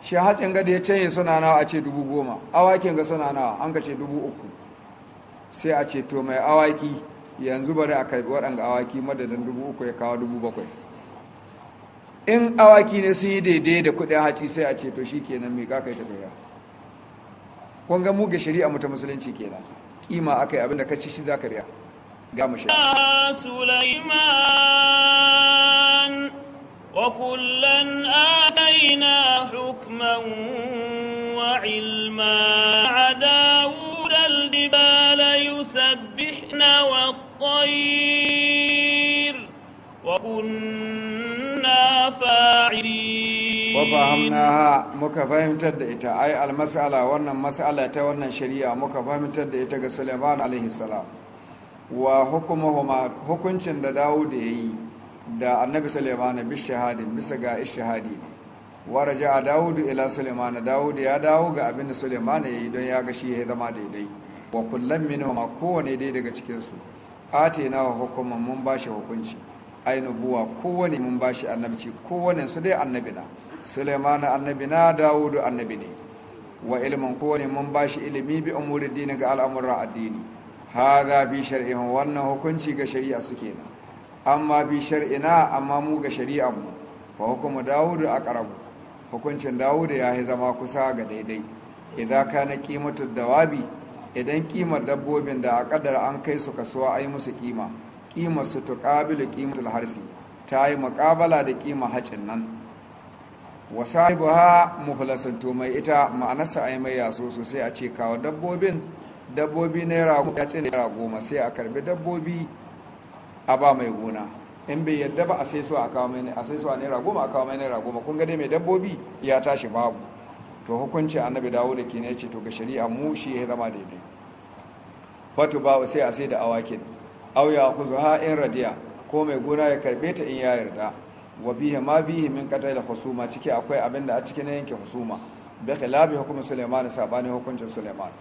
shi hatsin da ya canye suna nawa a ce dubu goma awakin ga suna nawa an ka ce dubu uku sai a ce to mai awaki yanzu bari a karbi waɗanda awaki madadin dubu uku ya kawo dubu bakwai in awaki ne sun yi daidai da kudin haci sai a ce to shi kenan mai kakai tafiya kun ga muga shari'a mu ta musulunci kenan kima akai abinda ka ci shi za ka biya ga mu Sulaiman wa kullan ataina hukman wa ilma adawu فسبحن والطير وكنا فاعلين وفهمناها مكفاهم fahimtar da ita ai almas'ala wannan mas'ala ta wannan shari'a muka fahimtar da ita ga Sulaiman alaihi salam da Annabi Suleiman bi shahadin bisa ga ishhadi wa raja'a Dawud ila Suleiman Dawud ya dawo ga abin da Sulaiman yayi don ya ga shi ya zama daidai wa kullum minhum a kowane dai daga cikinsu atina wa hukuman mun bashi hukunci ainihin buwa kowane mun bashi annabci kowane su dai annabina suleimanu annabina Dawudu annabi ne wa ilimin kowane mun bashi ilimi bi umuri dini ga al'amuran addini Ha za bi shari'in wannan hukunci ga shari'a suke na. amma bi shari'ina amma mu ga shari'a mu fa hukumu Dawudu a karabu hukuncin Dawudu ya yi zama kusa ga daidai idan kana qimatu dawabi idan kimar dabbobin da a kadar an kai su kasuwa a yi musu kima kimar su tuqabilu qimatul harsi ta yi muqabala da kima hacin nan wa sahibuha muflasun to mai ita ma'anarsa yi mai yaso sosai a ce kawo dabbobin dabbobi naira ya ce naira goma sai a karbi dabbobi a ba mai gona in bai yadda ba a sai su a kawo mai naira goma a kawo mai naira goma kun ga dai mai dabbobi ya tashi babu to hukunci annabi dawo da kenan ce to ga shari'a mu shi ya zama daidai fatu ba sai a sai da awakin aw ya zuha in radiya ko mai gona ya karbe ta in ya yarda wa bihi ma bihi min qatl husuma ciki akwai abin da a cikin yanke husuma bi khilafi hukum Sulaiman sabani hukuncin Sulaiman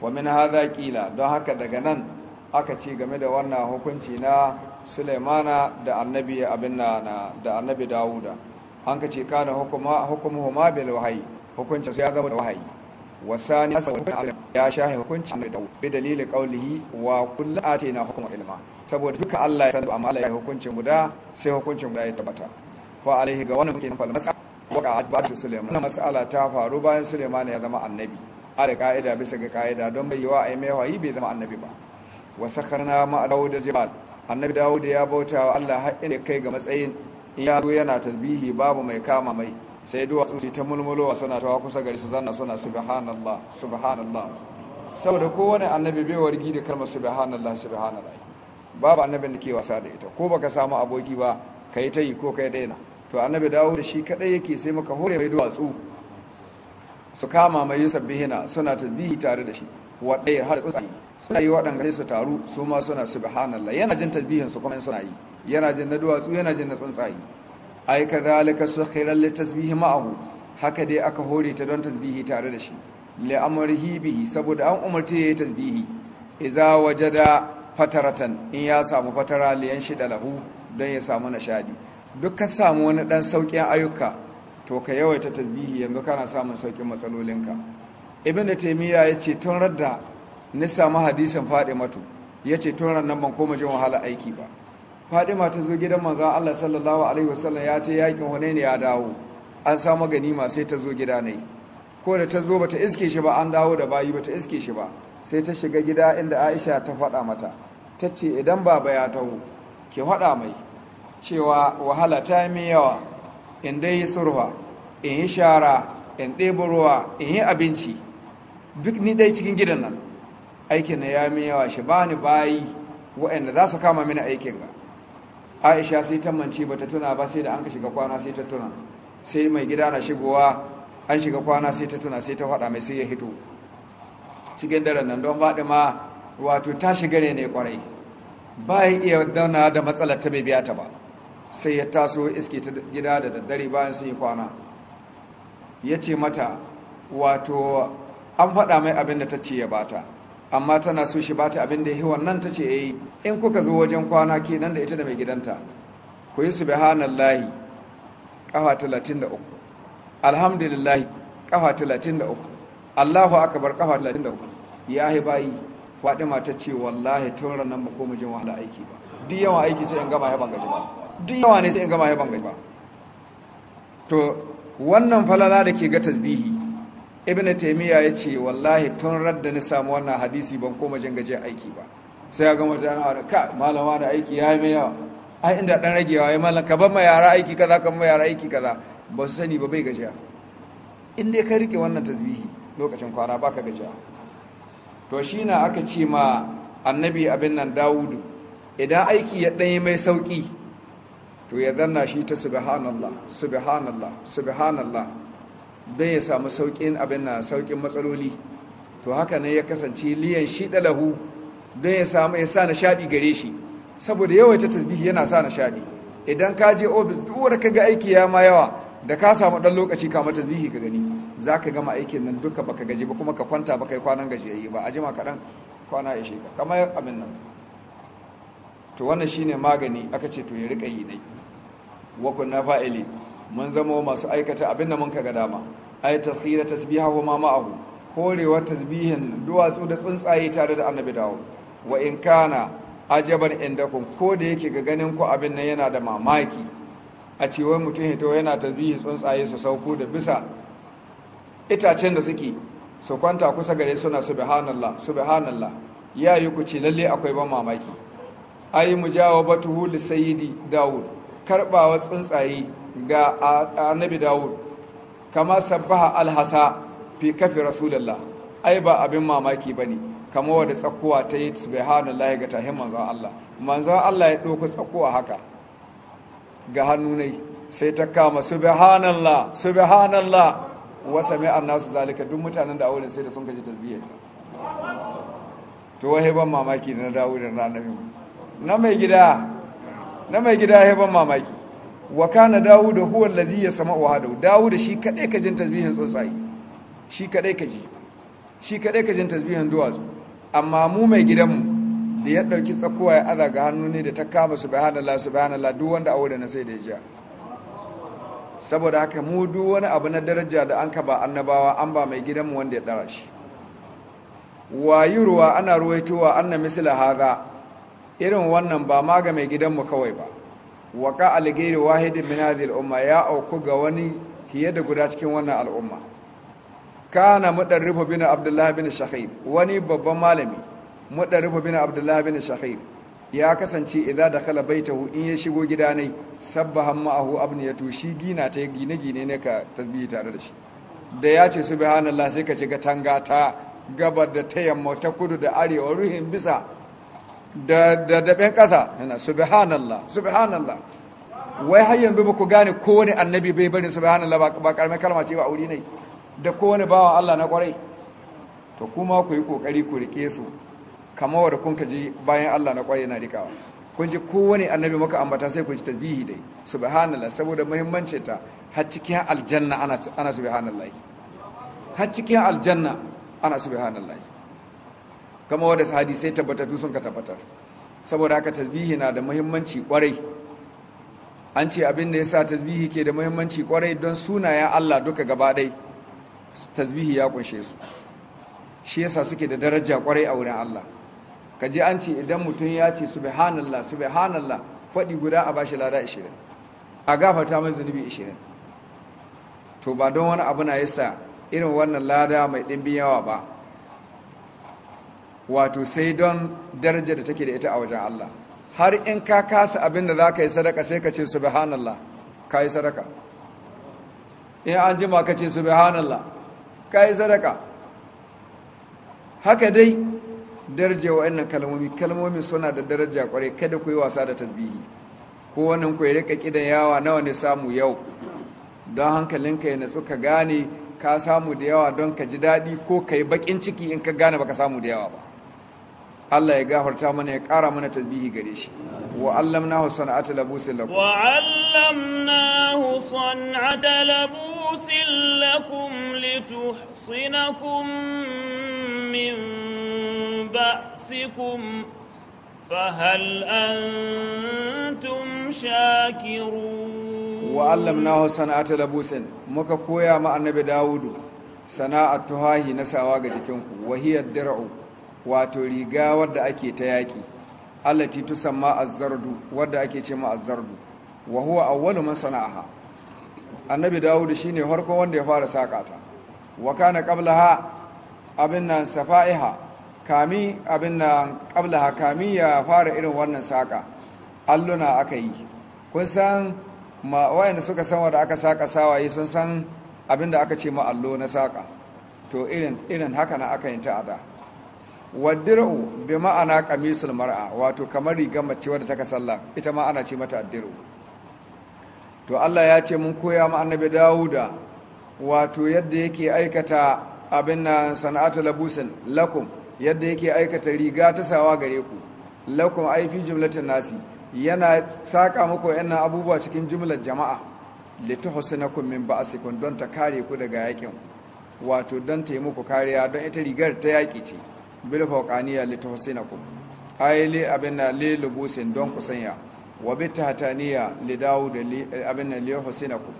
wa min hadha qila don haka daga nan aka ce game da wannan hukunci na Sulaimana da annabi abin na da annabi Dawuda an ka ce kana hukuma ma bil wahyi hukuncin sai ya zama da wahayi wasani ya shahi hukuncin da dawo bi dalili qaulihi wa kullu atina hukuma ilma saboda duka Allah ya sanu amma Allah ya hukuncin guda sai hukuncin guda ya tabbata fa alaihi ga wannan muke fal mas'a waka su Suleiman mas'ala ta faru bayan Suleiman ya zama annabi a da ka'ida bisa ga ka'ida don bai yiwa ai mai wayi bai zama annabi ba wa sakarna ma Dawud jibal annabi Dawud ya bauta wa Allah har inda kai ga matsayin ya zo yana tasbihi babu mai kama mai sai duwatsu su ta mulmulowa suna tawa kusa gari su zanna suna subhanallah subhanallah saboda kowane annabi bai wargi da kalmar subhanallah subhanallah babu annabin da ke wasa da ita ko baka samu aboki ba kai ta yi ko kai daina to annabi dawo da shi kadai yake sai maka hore mai duwatsu su kama mai yi sabbihina suna tasbihi tare da shi waɗaya har tsuntsaye suna yi waɗanda sai su taru su ma suna subhanallah yana jin tasbihin su kuma suna yi yana jin na duwatsu yana jin na tsuntsaye ai kadhalika sakhiran tasbihi ma'ahu haka dai aka hore ta don tasbihi tare da shi li'amrihi bihi saboda an ya yi tasbihi idza wajada fataratan in ya samu fatara liyan shi da lahu don ya samu nashadi duk ka samu wani dan saukin ayyuka to ka yawaita tasbihi yanzu kana samun saukin matsalolinka ibnu taymiya yace tun radda ni samu hadisin fadi matu yace tun ran nan ban koma jin wahala aiki ba fadima ta zo gidan manzan allah sallallahu alaihi wasallam ya ta yakin wane ne ya dawo an samu ma sai ta zo gida ne ko da ta zo ba ta iske shi ba an dawo da bayi ba ta iske shi ba sai ta shiga gida inda aisha ta faɗa mata ta ce idan baba ya taho ke faɗa mai cewa wahala ta yi yawa in dai yi surwa in yi shara in ɗebo ruwa in yi abinci duk ni ɗai cikin gidan nan aikin na ya yi yawa shi ba ni bayi waɗanda za su kama mini aikin ga aisha sai ta mance ba ta tuna ba sai da an ka shiga kwana sai ta tuna sai mai gida na shigowa an shiga kwana sai ta tuna sai ta faɗa mai sai ya hito cikin daren nan don faɗi ma wato ta shiga ne kwarai ba ya iya dana da matsalar ta bai biya ta ba sai ya taso iske ta gida da daddare bayan sun yi kwana ya ce mata wato an faɗa mai abin da ta ce ya bata amma tana so shi bata abin da yi wannan ta ce ya eh, yi. in kuka zo wajen kwana ke nan da ita da mai gidanta ku yi su lahi kafa 33 alhamdulillahi kafa 33 Allahu bar kafa 33 yi bayi Fadima mata ce wallahi tun ranar mu koma jin wahala aiki ba duk yawan aiki sai in gama ya bangaji ba duk yawa ne sai in gama ya bangaji ba to wannan falala da ke ga tasbihi ibn taimiyya ya ce wallahi tun radda na samu wannan hadisi ban koma jin gajiyar aiki ba sai ya gama da ana ka malama da aiki ya yi mai yawa ai inda dan ragewa ya malaka ban ma yara aiki kaza kan ma yara aiki kaza ba su sani ba bai gajiya in dai ka rike wannan tasbihi lokacin kwana baka gajiya to shi na aka ce ma annabi abin nan dawudu idan aiki ya ɗanyi mai sauƙi to ya zanna shi ta subhanallah subhanallah subhanallah don ya samu saukin abin na saukin matsaloli to haka ne ya kasance liyan shi ɗalahu don ya samu ya sa shaɗi gare shi saboda yawaita tasbihi yana sa shaɗi. idan ka je ofis duk ka ga aiki ya ma yawa da ka samu ɗan lokaci kama tasbihi ka gani za ka gama aikin nan duka baka gaji ba kuma ka kwanta ba kai kwanan gajiyayye ba a jima kaɗan kwana ya sheka kamar abin nan to wannan shine magani aka ce to ya riƙa yi dai wa kunna fa'ili mun zama masu aikata abin da mun kaga dama ay tasbiha wa ma ma'ahu korewar tasbihin duwatsu da tsuntsaye tare da annabi dawo wa in kana ajaban kun ko da yake ga ganin ku abin nan yana da mamaki a ce mutum hito yana tasbihi tsuntsaye su sauko da bisa itacen da suke su kwanta kusa gare suna subhanallah subhanallah ya yi ku ce lalle akwai ban mamaki ayi mujawabatu lisayidi sayyidi daud karbawa tsuntsaye ga annabi dawud kama sabbaha alhasa fi kafi rasulullah ai ba abin mamaki bane kama wadda tsakuwa ta yi subhanallah ga tahin manzon Allah manzon Allah ya ɗauko tsakuwa haka ga hannu sai ta kama subhanallah subhanallah wa sami nasu zalika duk mutanen da auren sai da sun kaji tasbihar to wai ban mamaki da na dawo da na annabi na mai gida na mai gida ban mamaki wa kana dawuda huwa allazi yasma'u hadu dawuda shi kadai ka jin tasbihin tsuntsaye shi kadai ka ji shi kadai ka jin tasbihin duwatsu amma mu mai gidanmu da ya dauki tsakuwa ya aza ga hannu ne da ta kama subhanallah subhanallah duk wanda a wurin sai da ya ja saboda haka mu duk wani abu na daraja da an ka ba annabawa an ba mai gidanmu wanda ya dara shi wayi ruwa ana ruwaitowa annabi misla hadha irin wannan ba ma ga mai gidanmu kawai ba waka algeri wahidi min hadhihi al'umma ya auku ga wani fiye da guda cikin wannan al'umma kana mudarrifu bin abdullahi bin shahid wani babban malami mudarrifu bin abdullahi bin shahid ya kasance idza dakhala baitahu in ya shigo gida ne sabbahan ma'ahu abniyatu shi gina ta gine gine ne ka tasbihi tare da shi da ya ce subhanallah sai ka ci ga tangata gabar da ta yamma ta kudu da arewa ruhin bisa da da ƙasa kasa yana subhanallah subhanallah wai har yanzu ba ku gane kowane annabi bai bari subhanallah ba ba kalma ce ba auri ne da kowane bawan Allah na kwarai to kuma ku yi kokari ku rike su kamar wanda kun kaji bayan Allah na kwarai na rikawa kun ji kowane annabi muka ambata sai ku ji tasbihi dai subhanallah saboda muhimmancin ta har cikin aljanna ana ana subhanallah har cikin aljanna ana subhanallah kama wadda hadisai tabbatattu sun ka tabbatar saboda haka tasbihi na da muhimmanci kwarai an ce abin da ya sa tasbihi ke da muhimmanci kwarai don sunayen Allah duka gaba tasbihi ya kunshe su shi yasa suke da daraja kwarai a wurin Allah ka ji an ce idan mutum ya ce su subhanallah subhanallah faɗi guda a bashi lada 20 a gafarta mai zunubi 20 to ba don wani abu na yasa irin wannan lada mai ɗimbin yawa ba wato sai don daraja da take da ita a wajen Allah har in ka kasa abin da za ka yi sadaka sai ka ce subhanallah ka yi sadaka in an jima ka ce subhanallah ka yi sadaka haka dai daraja wa'annan kalmomi kalmomi suna da daraja kwarai kada ku yi wasa da tasbihi ko wannan ku rika kidan yawa nawa ne samu yau don hankalinka ya natsu ka gane ka samu da yawa don ka ji daɗi ko ka yi baƙin ciki in ka gane baka samu da yawa ba Allah ya gafarta mana ya ƙara mana tasbihi gare shi wa allamna san'ata labusin lakum wa allamna hu san'ata labusin lakum lituhsinakum min ba'sikum fa hal antum shakirun wa allamna san'ata labusin muka koya ma annabi Dawudu sana'at na nasawa ga jikinku wa hiya dir'u wato riga wadda ake ta yaƙi allati tusamma azzardu wadda ake ce ma azzardu wa huwa awwalu man sana'aha annabi dawud shine farkon wanda ya fara saka wa kana qablaha abin nan safa'iha kami abin nan qablaha kami ya fara irin wannan saka alluna aka yi kun san ma wayanda suka san wanda aka saka sawaye sun san abin da aka ce ma allo na saƙa. to irin haka na aka yin ta waddir'u bi ma'ana qamisul mar'a wato kamar rigar mace wadda take sallah ita ma ana ce mata addiru to Allah ya ce mun koya ma annabi Dawuda wato yadda yake aikata abin nan sana'atu labusin lakum yadda yake aikata riga ta sawa gare ku lakum ai fi jumlatin nasi yana saka muku wannan abubuwa cikin jumlar jama'a lituhsinakum min ba'sikum don ta kare ku daga yakin wato don ta yi muku kariya don ita rigar ta yaki ce bil fawqaniya li tuhsinakum ay li abinna li lubusin don ku sanya wa bi tahtaniya li dawud li abinna li husinakum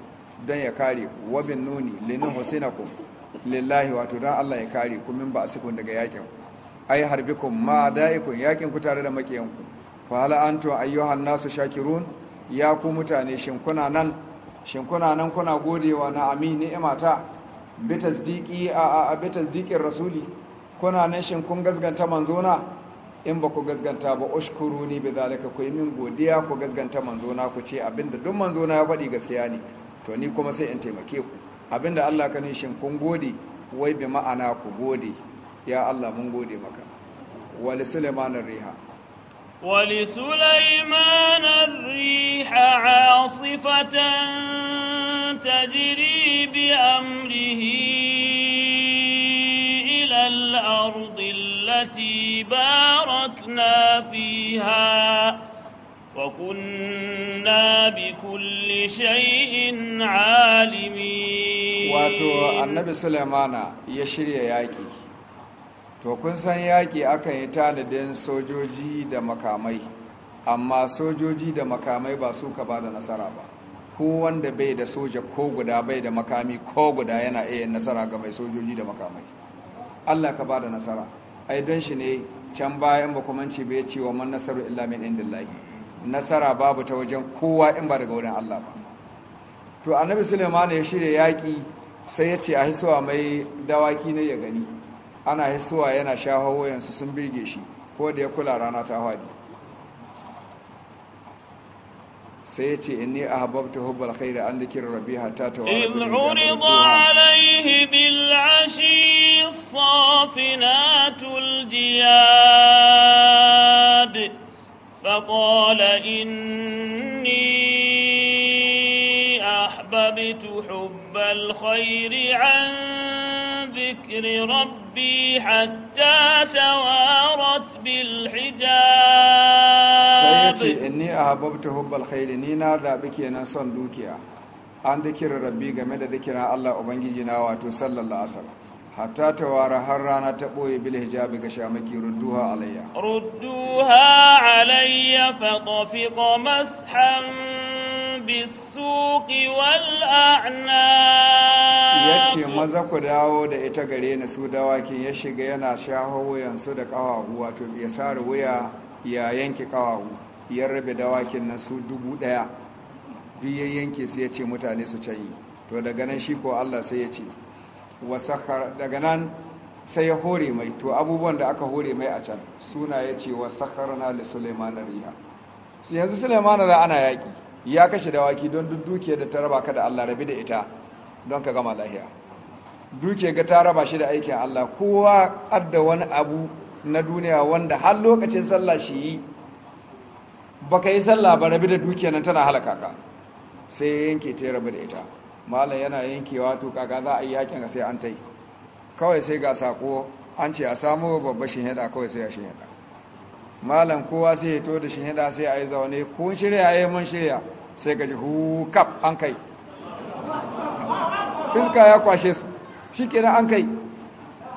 don ya kare ku wa bin nuni li nuhsinakum lillahi wato don Allah ya kare ku min ba asikun daga yakin ay harbikum ma da'ikun yakin ku tare da makiyanku fa hal antum ayyuhan nasu shakirun ya ku mutane shin kuna nan shin kuna nan kuna godewa na amini ni'imata Bitas tasdiqi a Bitas tasdiqir rasuli kuna nan shin kun gasganta manzona in ba ku gasganta ba ushkuru ni bi zalika ku yi min godiya ku gasganta manzona ku ce abinda duk manzona ya faɗi gaskiya ne to ni kuma sai in taimake ku abinda Allah ka ne shin kun gode wai bi ma'ana ku gode ya Allah mun gode maka wali Sulaiman riha wali Sulaiman riha asifatan tajri bi amrihi باركنا فيها وكنا بكل شيء عالمين واتو النبي سليمان يشري ياكي to kun san yaƙi akan yi tanadin sojoji da makamai amma sojoji da makamai ba su ka ba da nasara ba ko wanda bai da soja ko guda bai da makami ko guda yana iya nasara ga mai sojoji da makamai Allah ka ba da nasara ai don shi ne can bayan ba kuma ce bai ce wa man nasaru illa min indillahi nasara babu ta wajen kowa in ba daga wurin Allah ba to annabi Sulaiman ya shirya yaki sai ya ce a hisuwa mai dawaki ne ya gani ana hisuwa yana shaho wayansu sun birge shi ko da ya kula rana ta hadi sai ya ce inni ahbabtu hubbal khairi an dhikri rabbi hatta tawara in urida alayhi bil ashi صافنات الجياد فقال إني أحببت حب الخير عن ذكر ربي حتى توارت بالحجاب سيدي إني أحببت حب الخير نينا ذابك ينصن دوكيا عن ذكر ربي game ذكر الله أبنجي جناواته صلى الله عليه وسلم hatta tawara har rana ta ɓoye bil hijabi ga shamaki rudduha alayya rudduha alayya fa tafiqa mashan bisuqi wal a'na yace maza ku dawo da ita gare ni su dawakin ya shiga yana shaho wuyansu da kawahu wato ya sare wuya ya yanke kawahu ya rabe dawakin nan su dubu daya biyan yanke su yace mutane su canyi to daga nan shi ko Allah sai ya ce Wasakar daga nan sai ya hore mai to abubuwan da aka hore mai a can suna ya ce wasakar na da sulaiman riha su yanzu sulaiman da ana yaƙi ya kashe dawaki don duk da ta raba ka da Allah rabi da ita don ka gama lahiya dukiyar ga ta raba shi da aikin Allah kowa adda wani abu na duniya wanda har lokacin sallah shi yi baka yi sallah ba rabi da dukiyar nan tana halaka ka sai yanke ta rabi da ita malam yana yankewa to kaga za a yi yakin sai an ta yi kawai sai ga sako an ce a samu babba shahida kawai sai a shahida malam kowa sai ya to da shahida sai a yi zaune ko shirya ya eh, yi mun shirya sai ka ji hukap an kai iska ya kwashe su shi kenan an kai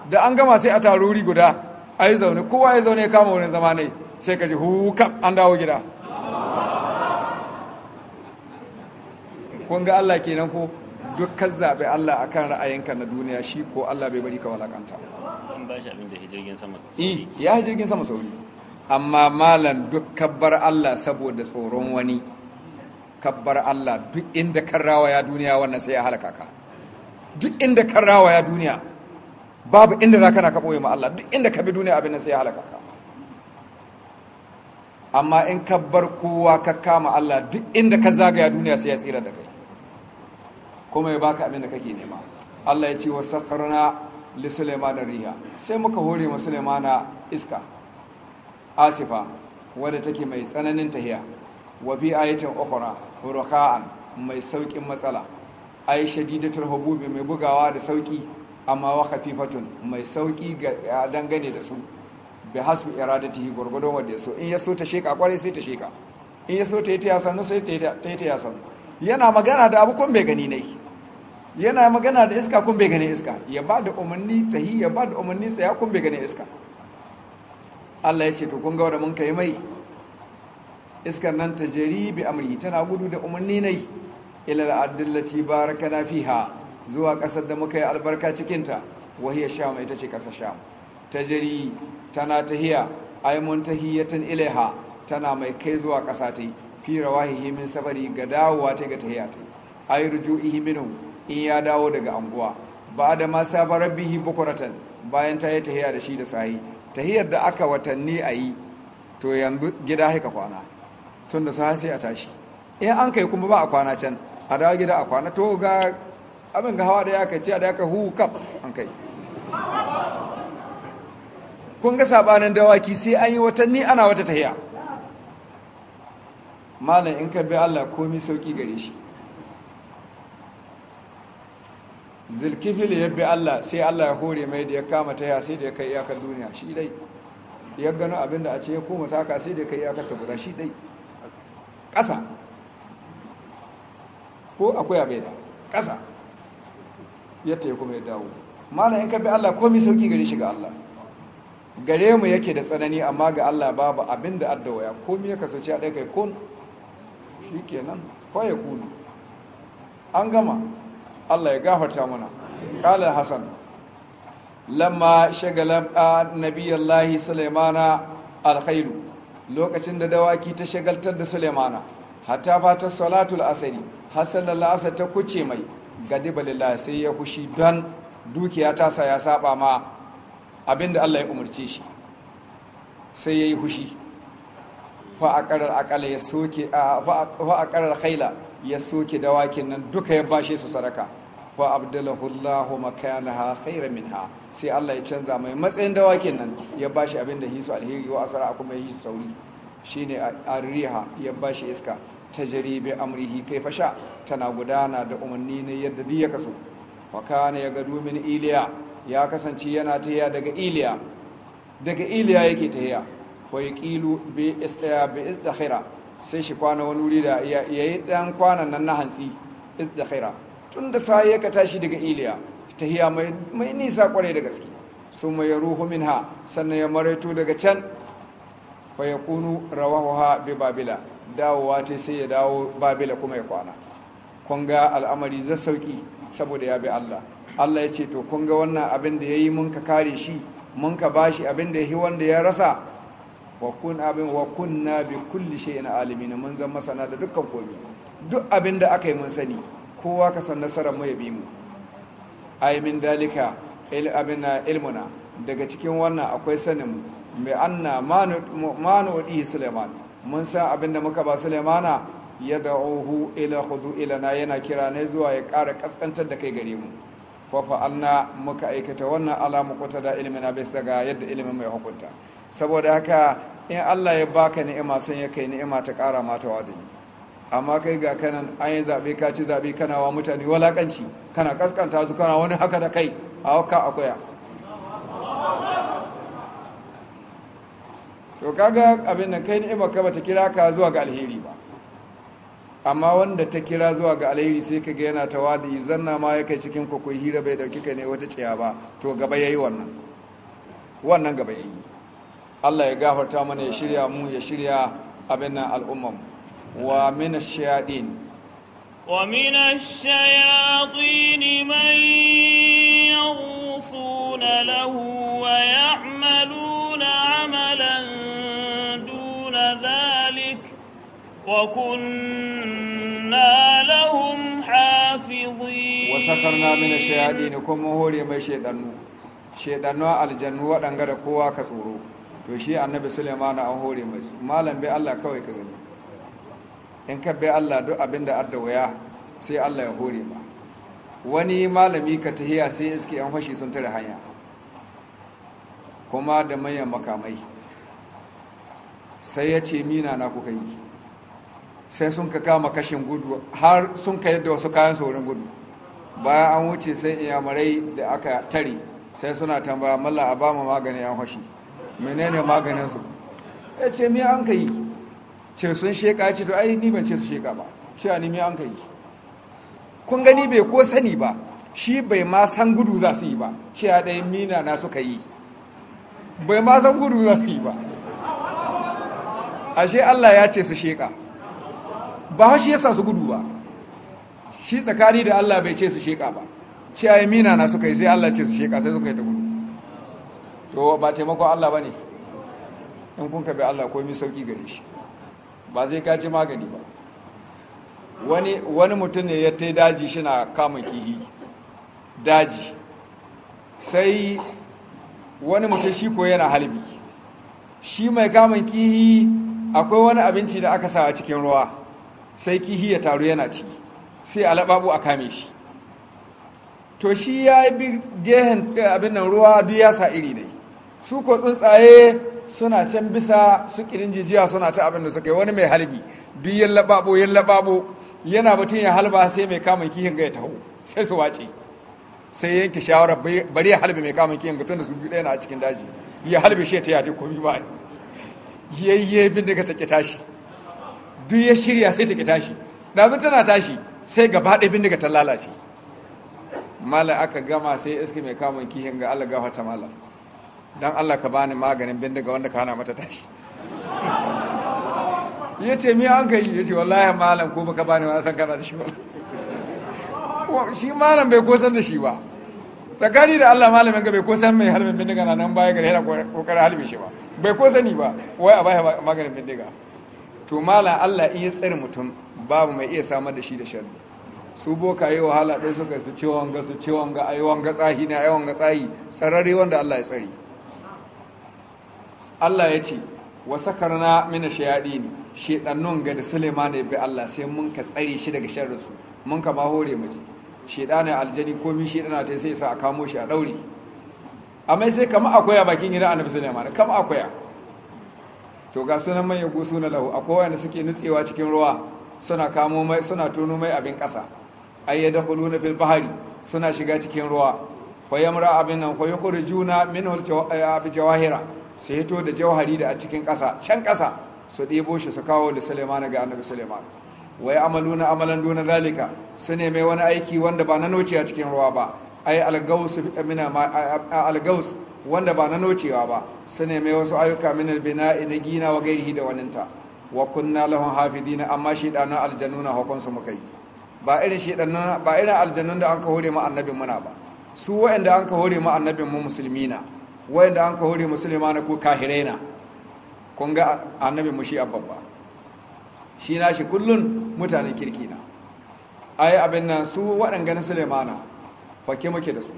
da an gama sai a taruri guda a yi zaune kowa ya zaune kama wurin zama ne sai ka ji hukap an dawo gida kun ga Allah kenan ko duk kan zaɓe Allah a kan ra'ayinka na duniya shi ko Allah bai bari ka walakanta ya yi jirgin sama eh, sauri amma malam duk kabbar Allah saboda tsoron wani kabbar Allah duk inda kan rawaya duniya wannan sai ya halaka ka duk inda kan rawaya duniya babu inda za ka na ka ɓoye ma Allah duk inda ka bi duniya abin nan sai ya halaka ka amma in kabbar kowa ka kama Allah duk inda ka zagaya duniya sai ya tsira da kai kuma ya baka abin da kake nema Allah ya ce wa sakharna li Sulaiman riha sai muka hore ma Sulaiman iska asifa wadda take mai tsananin tahiya wa bi ayatin ukhra ruka'an mai saukin matsala ai shadidatul hububi mai bugawa da sauki amma wa khafifatun mai sauki ga dangane da su bi hasbi iradatihi gurgudon wanda ya su. in ya so ta sheka kwarai sai ta sheka in ya so ta yi ta yasan sai ta yi ta yasan yana magana da abu kun bai gani yana magana da iska kun bai gani iska ya ba da umarni tahi ya ba da umarni tsaya kun bai gani iska Allah ya ce to kun ga wanda mun kai mai iskar nan ta jari bi amri tana gudu da umarni nai ila al-adillati barakana fiha zuwa kasar da muka yi albarka cikin ta wahiya sham ita ce kasar sham tajri tana tahiya ay muntahiyatan ilaiha tana mai kai zuwa kasa ta fi rawahihi min safari ga dawowa ta ga tahiyya ta yi ruju'ihi minhu in ya dawo daga anguwa ba da ma safa rabbihi bukuratan bayan ta yi tahiya da shi da sahi Tahiyar da aka watanni a yi to yanzu gida haika kwana tun da sahi sai a tashi in an kai kuma ba a kwana can a dawo gida a kwana to ga abin ga hawa da ya kai ce da ya kai hu kap an kai kun ga sabanin dawaki sai an yi watanni ana wata tahiya malam in ka bi Allah komi sauki gare shi zilkifil ya bi Allah sai Allah ya hore mai da ya kama ta sai da ya kai iyakar duniya shi dai ya gano abin da a ce ya koma taka sai da ya kai iyakar ta guda shi dai ƙasa ko akwai abai da ƙasa yadda ya kuma ya dawo malam in ka bi Allah komi sauki gare shi ga Allah gare mu yake da tsanani amma ga Allah babu abin da ya komi ya kasance a ɗaya kai ko shi kenan ya kunu an gama allah ya gafarta mana ƙalar hassan lamma shagala nabiyullahi sulemana alkhairu lokacin da dawaki ta shagaltar da sulemana hatta ta salatul asari hassan la'asar ta kuce mai gadibalila sai ya kushi don dukiya tasa ya saba ma abinda allah ya umarce shi sai yayi hushi fa a ya soke ya soke dawakin nan duka ya bashe su sadaka fa abdalahu makanaha khairan minha sai Allah ya canza mai matsayin dawakin nan ya bashi abin da hisu alheri wa asara kuma yi sauri shine arriha ya bashi iska Ta bi amrihi kaifa sha tana gudana da umarni na yadda duk ya kaso wa kana ya gadu min iliya ya kasance yana tahiya daga daga iliya yake tahiya wa yaqilu bi istaya bi istakhira sai shi kwana wani wuri da yayi dan kwanan nan na hantsi istakhira tun da sai ya ka tashi daga iliya tahiya mai mai nisa kware da gaske Su summa yaruhu minha sannan ya maraito daga can fa kunu rawahuha bi babila dawowa ta sai ya dawo babila kuma ya kwana kun ga al'amari zai sauki saboda ya bi Allah Allah ya ce to kun ga wannan abin da yayi mun ka kare shi mun ka bashi abin da ya yi wanda ya rasa wakun abin wakun na bi kulli mun zan masana da dukkan komi duk abin da aka yi mun sani kowa ka san nasarar mu ya bi mu dalika il na ilmuna daga cikin wannan akwai sanin mai anna manu wad'i suleiman mun san abin da muka ba suleimana ya da'uhu ila khudu ila na yana kira ne zuwa ya ƙara kaskantar da kai gare mu fa fa'alna muka aikata wannan alamu kwata da ilmina bai saga yadda ilimin mai hukunta saboda haka in Allah ya baka ni'ima sun ya kai ni'ima ta ƙara mata wadani amma kai ga kanan an yi zaɓe ka ci zaɓe kana wa mutane walakanci kana kaskanta su kana wani haka da kai a haka akwaya to kaga abin da kai ni'ima ka bata kira ka zuwa ga alheri ba amma wanda ta kira zuwa ga alheri sai ka ga yana wadi zanna ma ya kai cikin kwakwai hira bai dauki kai ne wata ciya ba to gaba ya wannan wannan gaba yi Allah ya gafarta mana ya shirya mu ya shirya abin nan al'umman. wa min ash-shayatin wa min ash-shayatin man yusuna lahu wa ya'maluna 'amalan duna dhalik wa kunna lahum hafizin wa sakarna min ash-shayatin kuma hore mai shedanu shedanu aljannu wadanga da kowa ka tsoro to shi annabi suleiman an hore mai malam bai allah kawai ka gani in ka bai allah duk abin da adda waya sai allah ya hore ba. wani malami ka tahiya sai iske yan fashi sun tare hanya kuma da manyan makamai sai ya ce mina na kuka yi sai sun ka kama kashin gudu har sun ka yadda wasu kayan saurin gudu bayan an wuce sai iyamarai da aka tare sai suna tambaya malla a ba mu maganin yan fashi menene maganin su ya ce mi an ka yi ce sun sheka ce to ai ni ban ce su sheka ba ce ni mi an ka yi kun gani bai ko sani ba shi bai ma san gudu za su yi ba ce ya ɗaya mina na suka yi bai ma san gudu za su yi ba ashe Allah ya ce su sheka ba shi yasa su gudu ba shi tsakani da Allah bai ce su sheka ba ce ya mina na suka yi sai Allah ce su sheka sai suka yi ta gudu to ba taimakon Allah ba ne in kun kabe Allah ko komi sauki gare shi ba zai kaji magani ba wani mutum ne ya tai daji shi na kamun kihi daji sai wani mutum shi ko yana halbi shi mai kamun kihi akwai wani abinci da aka sa a cikin ruwa sai kihi ya taru yana ci sai alababu a kame shi to shi ya yi gehen eh, abin nan ruwa duk ya sa iri ne su ko tsuntsaye suna can bisa su kirin jijiya suna ta abin da suka yi wani mai halbi duk yallababo yallababo yana batun ya halba sai mai kamun kihin ga ya taho sai su wace sai yanke shawara bari ya halbe mai kamun kihin ga tunda su biyu ɗaya na a cikin daji ya halbe shi ta yate komi ba yayye bin daga take tashi duk ya shirya sai take tashi dabin tana tashi sai gaba ɗaya bin daga ta lalace mala aka gama sai iske mai kamun kihin ga Allah gafarta malam don Allah ka bani maganin bindiga wanda ka hana mata tashi ya ce mi an kai ya ce wallahi malam ko baka bani wani san kana da shi ba shi malam bai kosan da shi ba tsakani da Allah malamin ka bai kosan mai halmin bindiga na nan baya gari yana kokarin halmin shi ba bai kosani ba wai a baya maganin bindiga to malam Allah in ya tsare mutum babu mai iya samar da shi da sharri su boka yi wahala ɗaya suka su ce wanga su ce wanga ayi wanga tsahi na ayi wanga tsahi tsararre wanda Allah ya tsare Allah ya ce wa karna mina ne, shedannun ga da Suleiman ya bi Allah sai mun ka tsare shi daga sharrin mun ka mahore mace shedanin aljani ko mi ta sai sa a kamo shi a A amma sai kama akwaya bakin gidan Annabi Suleiman kama akwaya to ga sunan manya yago suna lahu akwai wanda suke nutsewa cikin ruwa suna kamo mai suna tono mai abin kasa ay yadkhuluna fil bahari suna shiga cikin ruwa fa yamra abin nan fa yukhrijuna minhu al eh, jawahira su hito da jauhari da a cikin ƙasa can ƙasa su ɗebo shi su kawo da suleiman ga annabi suleiman wai amaluna amalan duna zalika su ne mai wani aiki wanda ba na noce a cikin ruwa ba ai algaus algaus wanda ba na nocewa ba su ne mai wasu ayyuka min albina'i na gina wa gairihi da waninta wa kunna lahum hafidina amma shaydanun aljannuna hukun muka yi ba irin shaydanun ba irin aljanun da an ka hore mu annabin muna ba su waɗanda an ka hore mu annabin mu na. da an ka hore musulma na ko kahirai na kun ga annabi mushi babba shi na shi kullun mutanen kirki na ai abin nan su waɗanga na sulemana fake muke da su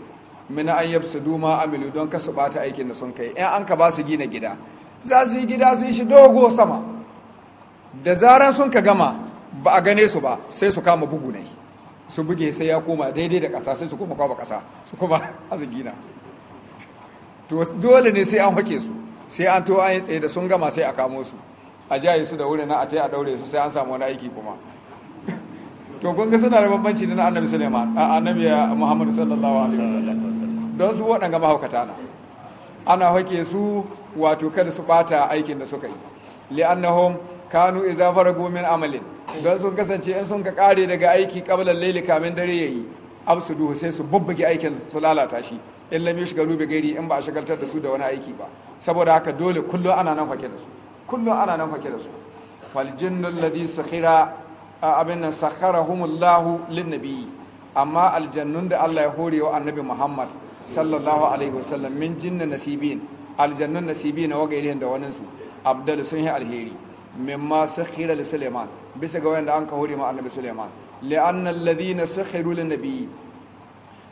mina an yabsu duma amilu don ka su bata aikin da sun kai Yan an ka ba su gina gida za su yi gida su yi shi dogo sama da zaran sun ka gama ba a gane su ba sai su kama bugu ne su buge sai ya koma daidai da ƙasa sai su kuma kwaba ƙasa su kuma a *laughs* su gina. to dole ne sai an hake su sai an to an yi tsaye da sun gama sai a kamo su a jaye su da wuri na a tai a daure su sai an samu wani aiki kuma to kun ga suna da bambanci da annabi Sulaiman annabi Muhammad sallallahu alaihi wasallam don su wadanga mahaukata na ana hake su wato kada su bata aikin da suka yi annahum kanu idza faragu min amalin don sun kasance in sun ka kare daga aiki qabla al-layli kamin dare yayi absuduhu sai su bubbuge aikin su lalata shi in lam shiga bi gairi in ba a shagaltar da su da wani aiki ba saboda haka dole kullum ana nan fake da su kullum ana nan fake da su wal jinnu alladhi sakhira abin nan sakharahumullahu lin nabiyyi amma aljannun da Allah ya hore wa annabi Muhammad sallallahu alaihi wasallam min jinnin nasibin aljannun nasibin wa gairihin da wani su abdal sun yi alheri mimma sakhira li Suleiman bisa ga wanda an ka hore ma annabi Suleiman li'anna alladhina sakhiru lin nabiyyi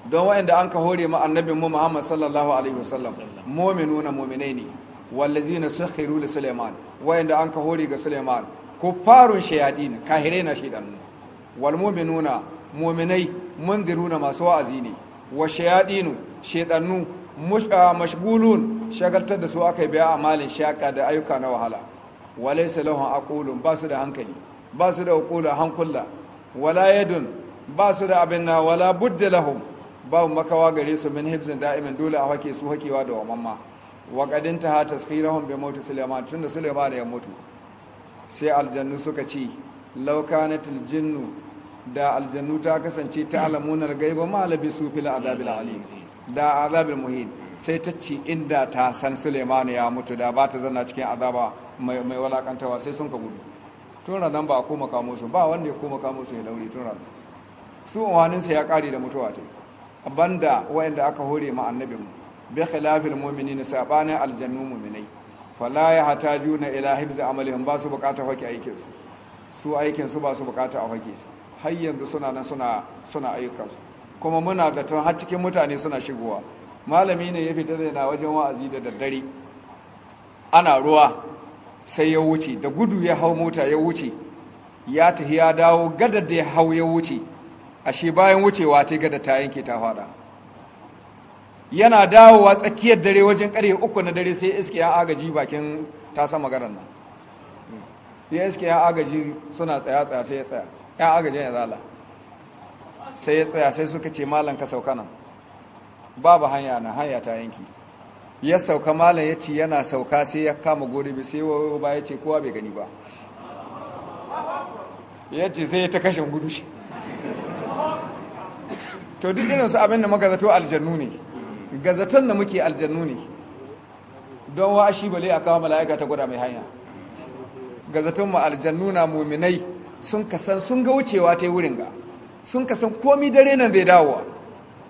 don wayanda an ka hore ma annabin mu Muhammad sallallahu alaihi wasallam na mu'minai ne wallazina sahiru li Suleiman. Wayanda an ka hore ga Sulaiman kuffarun shayadin kahirai na shaydan wal mu'minuna mu'minai mundiruna masu wa'azi ne wa shayadinu shaydannu ah, mashgulun shagaltar da su aka biya a amalin shaka da ayyuka na wahala walaysa lahum aqulun ba su da hankali ba su da aqula hankula wala yadun ba su da abin na wala budda lahum babu makawa gare su min hibzin da'imin dole a hake su hakewa da wamamma wa qadin ta ha taskhirahum bi mautu sulaiman tunda sulaiman ya mutu sai aljannu suka ci law kanatil jinnu da aljannu ta kasance ta alamunar gaiba ma labisu fil adabil alim da azabil muhin sai ta ci inda ta san sulaiman ya mutu da ba ta zanna cikin azaba mai mai walakantawa sai sun ka gudu tun ranan ba a koma kamo su ba wanda ya koma kamo su ya lauri tun ranan su umarninsa ya kare da mutuwa ta yi banda wayanda aka hore ma annabin bi khilafil mu'minina sabana aljannu mu'minai fala ya hatajuna ila hibzi amalihim ba su bukata hake aikin su su aikin su ba su bukata a hake su har yanzu suna nan suna suna ayyukan su kuma muna da tun har cikin mutane suna shigowa malami ne ya fita na wajen wa'azi da daddare ana ruwa sai ya wuce da gudu ya hau mota ya wuce ya tafi ya dawo gadar da ya hau ya wuce ashe bayan wucewa ta gada ta yanke ta fada yana dawowa tsakiyar dare wajen karye uku na dare sai iske ya agaji bakin ta sama garan nan ya iske ya agaji suna tsaya tsaya sai ya tsaya ya agajin ya zala sai ya tsaya sai suka ce malam ka sauka nan babu hanya na hanya ta yanki ya sauka malam ya ce yana sauka sai ya kama bai sai wayo ba ya ce kowa bai gani ba ya ce sai ya ta kashe gudu shi to duk irinsu abin da muka zato aljannu ne gazaton da muke aljannu ne don wa shi bale a kawo mala'ika ta gwada mai hanya Gazatonmu aljannu na muminai sun kasan sun ga wucewa ta wurin ga sun kasan komi dare nan zai dawowa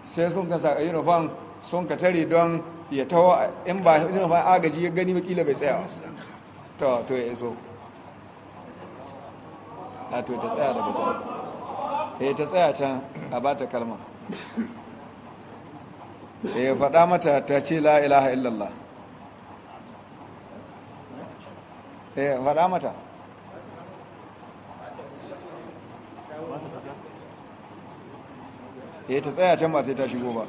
sai sun kasa a uniform sun ka tare don ya tawo in ba uniform agaji ya gani makila bai tsaya Ta to ya iso a to ta tsaya da ya eh, ta tsaya can a ba ta kalma ya eh, faɗa mata ta ce la ilaha illallah ya eh, faɗa mata ya eh, ta tsaya can ba sai ta shigo ba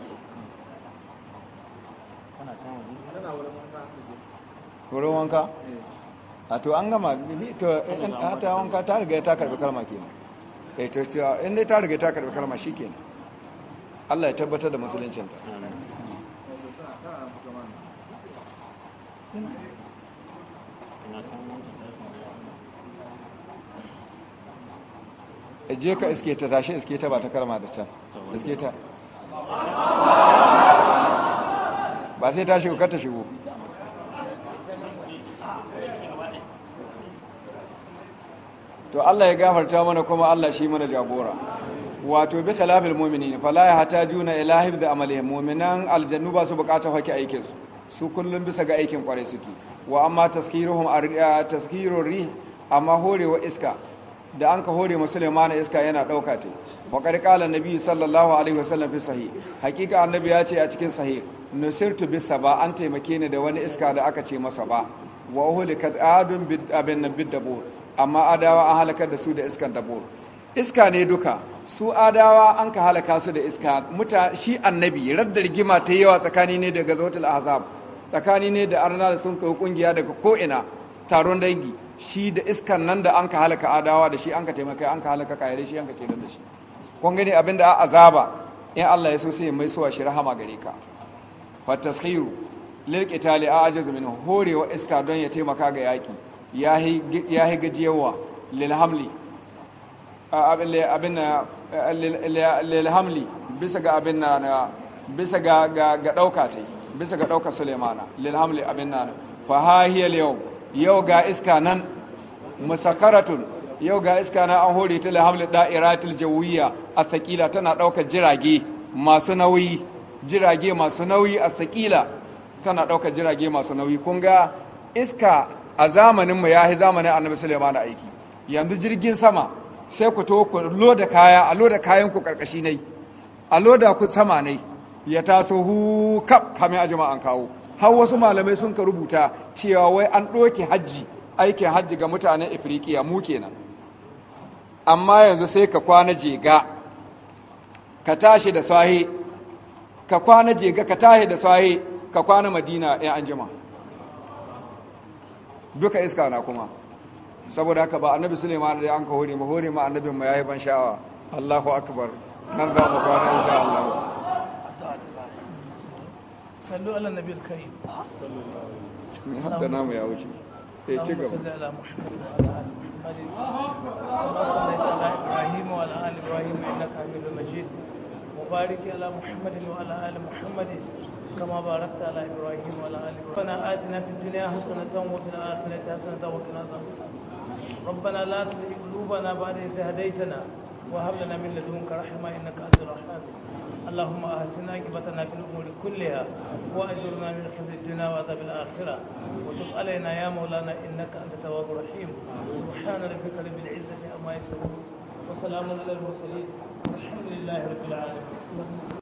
wurin wanka a to an gama to ta wanka ta riga ta karbi kalma kenan eh to ta riga ta karbi kalma shikenan Allah ya tabbatar da musuluncinta je ka iske ta tashi iske ta ba ta karma da can iske ta ba sai ta shigo kar ta shigo to Allah ya gafarta mana kuma Allah shi mana jagora wato bi khilafil mu'minin fala yahtajuna ila hibd amalihim mu'minan aljannu ba su bukatar hake aikin su su kullum bisa ga aikin kware suke wa amma taskiruhum taskirur rih amma wa iska da an ka hore musulmana iska yana dauka te wa qad qala annabi sallallahu alaihi wasallam fi sahih hakika annabi ya ce a cikin sahih nusirtu bisa ba an taimake ni da wani iska da aka ce masa ba wa uhlikat adun bid abin nabid dabur amma adawa an halakar da su da iskan dabur iska ne duka su adawa an ka halaka su da iska muta shi annabi raddar rigima ta yawa tsakani ne daga zautul azab. tsakani ne da arna da sun kai kungiya daga ko ina taron dangi shi da iskan nan da an ka halaka adawa da shi an ka taimaka an ka halaka kayare shi an ka kenan da shi kun gani abin da azaba in Allah ya so sai mai suwa shi rahama gare ka fa tashiru lil qitali a'jazu min horewa iska don ya taimaka ga yaki yahi yahi gajiyawa lil hamli abin lilhamli eh, bisa ga abin na bisa ga ga dauka tai bisa ga dauka Sulemana, lilhamli abin na fa hahiyal yau yau ga iska nan musakaratun yau ga iska nan an hore ta lilhamli da'iratil jawiyya a thaqila tana dauka jirage masu nauyi jirage masu nauyi a sakila tana ɗaukar jirage masu nauyi kun ga iska a zamaninmu ya yi zamanin annabi suleiman da aiki yanzu jirgin sama sai ku to ku loda kaya a loda kayan ku karkashi nai a loda ku sama nai ya taso hu kap kame a jama'an kawo har wasu malamai sun ka rubuta cewa wai an ɗoke hajji aikin hajji ga mutanen Afirikiya mu kenan amma yanzu sai ka kwana jega ka tashi da sahi ka kwana jega ka tashi da sahi ka kwana madina ya eh, an duka iska na kuma saboda haka ba annabi suleiman da an ka hore ma hore ma annabin mu yayi ban sha'awa Allahu akbar nan za mu kwana insha Allah sallu ala karim hadda namu ya wuce sai eh, ci gaba كما باركت على ابراهيم وعلى ال ابراهيم ربنا اتنا في الدنيا حسنه وفي الاخره حسنه وقنا عذاب النار ربنا لا تزغ قلوبنا بعد إذ هديتنا وهب لنا من لدنك رحمة إنك أنت الرحمن اللهم أحسن عاقبتنا في الأمور كلها وأجرنا من خزي الدنيا وعذاب الآخرة وتب علينا يا مولانا إنك أنت التواب الرحيم سبحان ربك رب العزة عما يصفون وسلام على المرسلين والحمد لله رب العالمين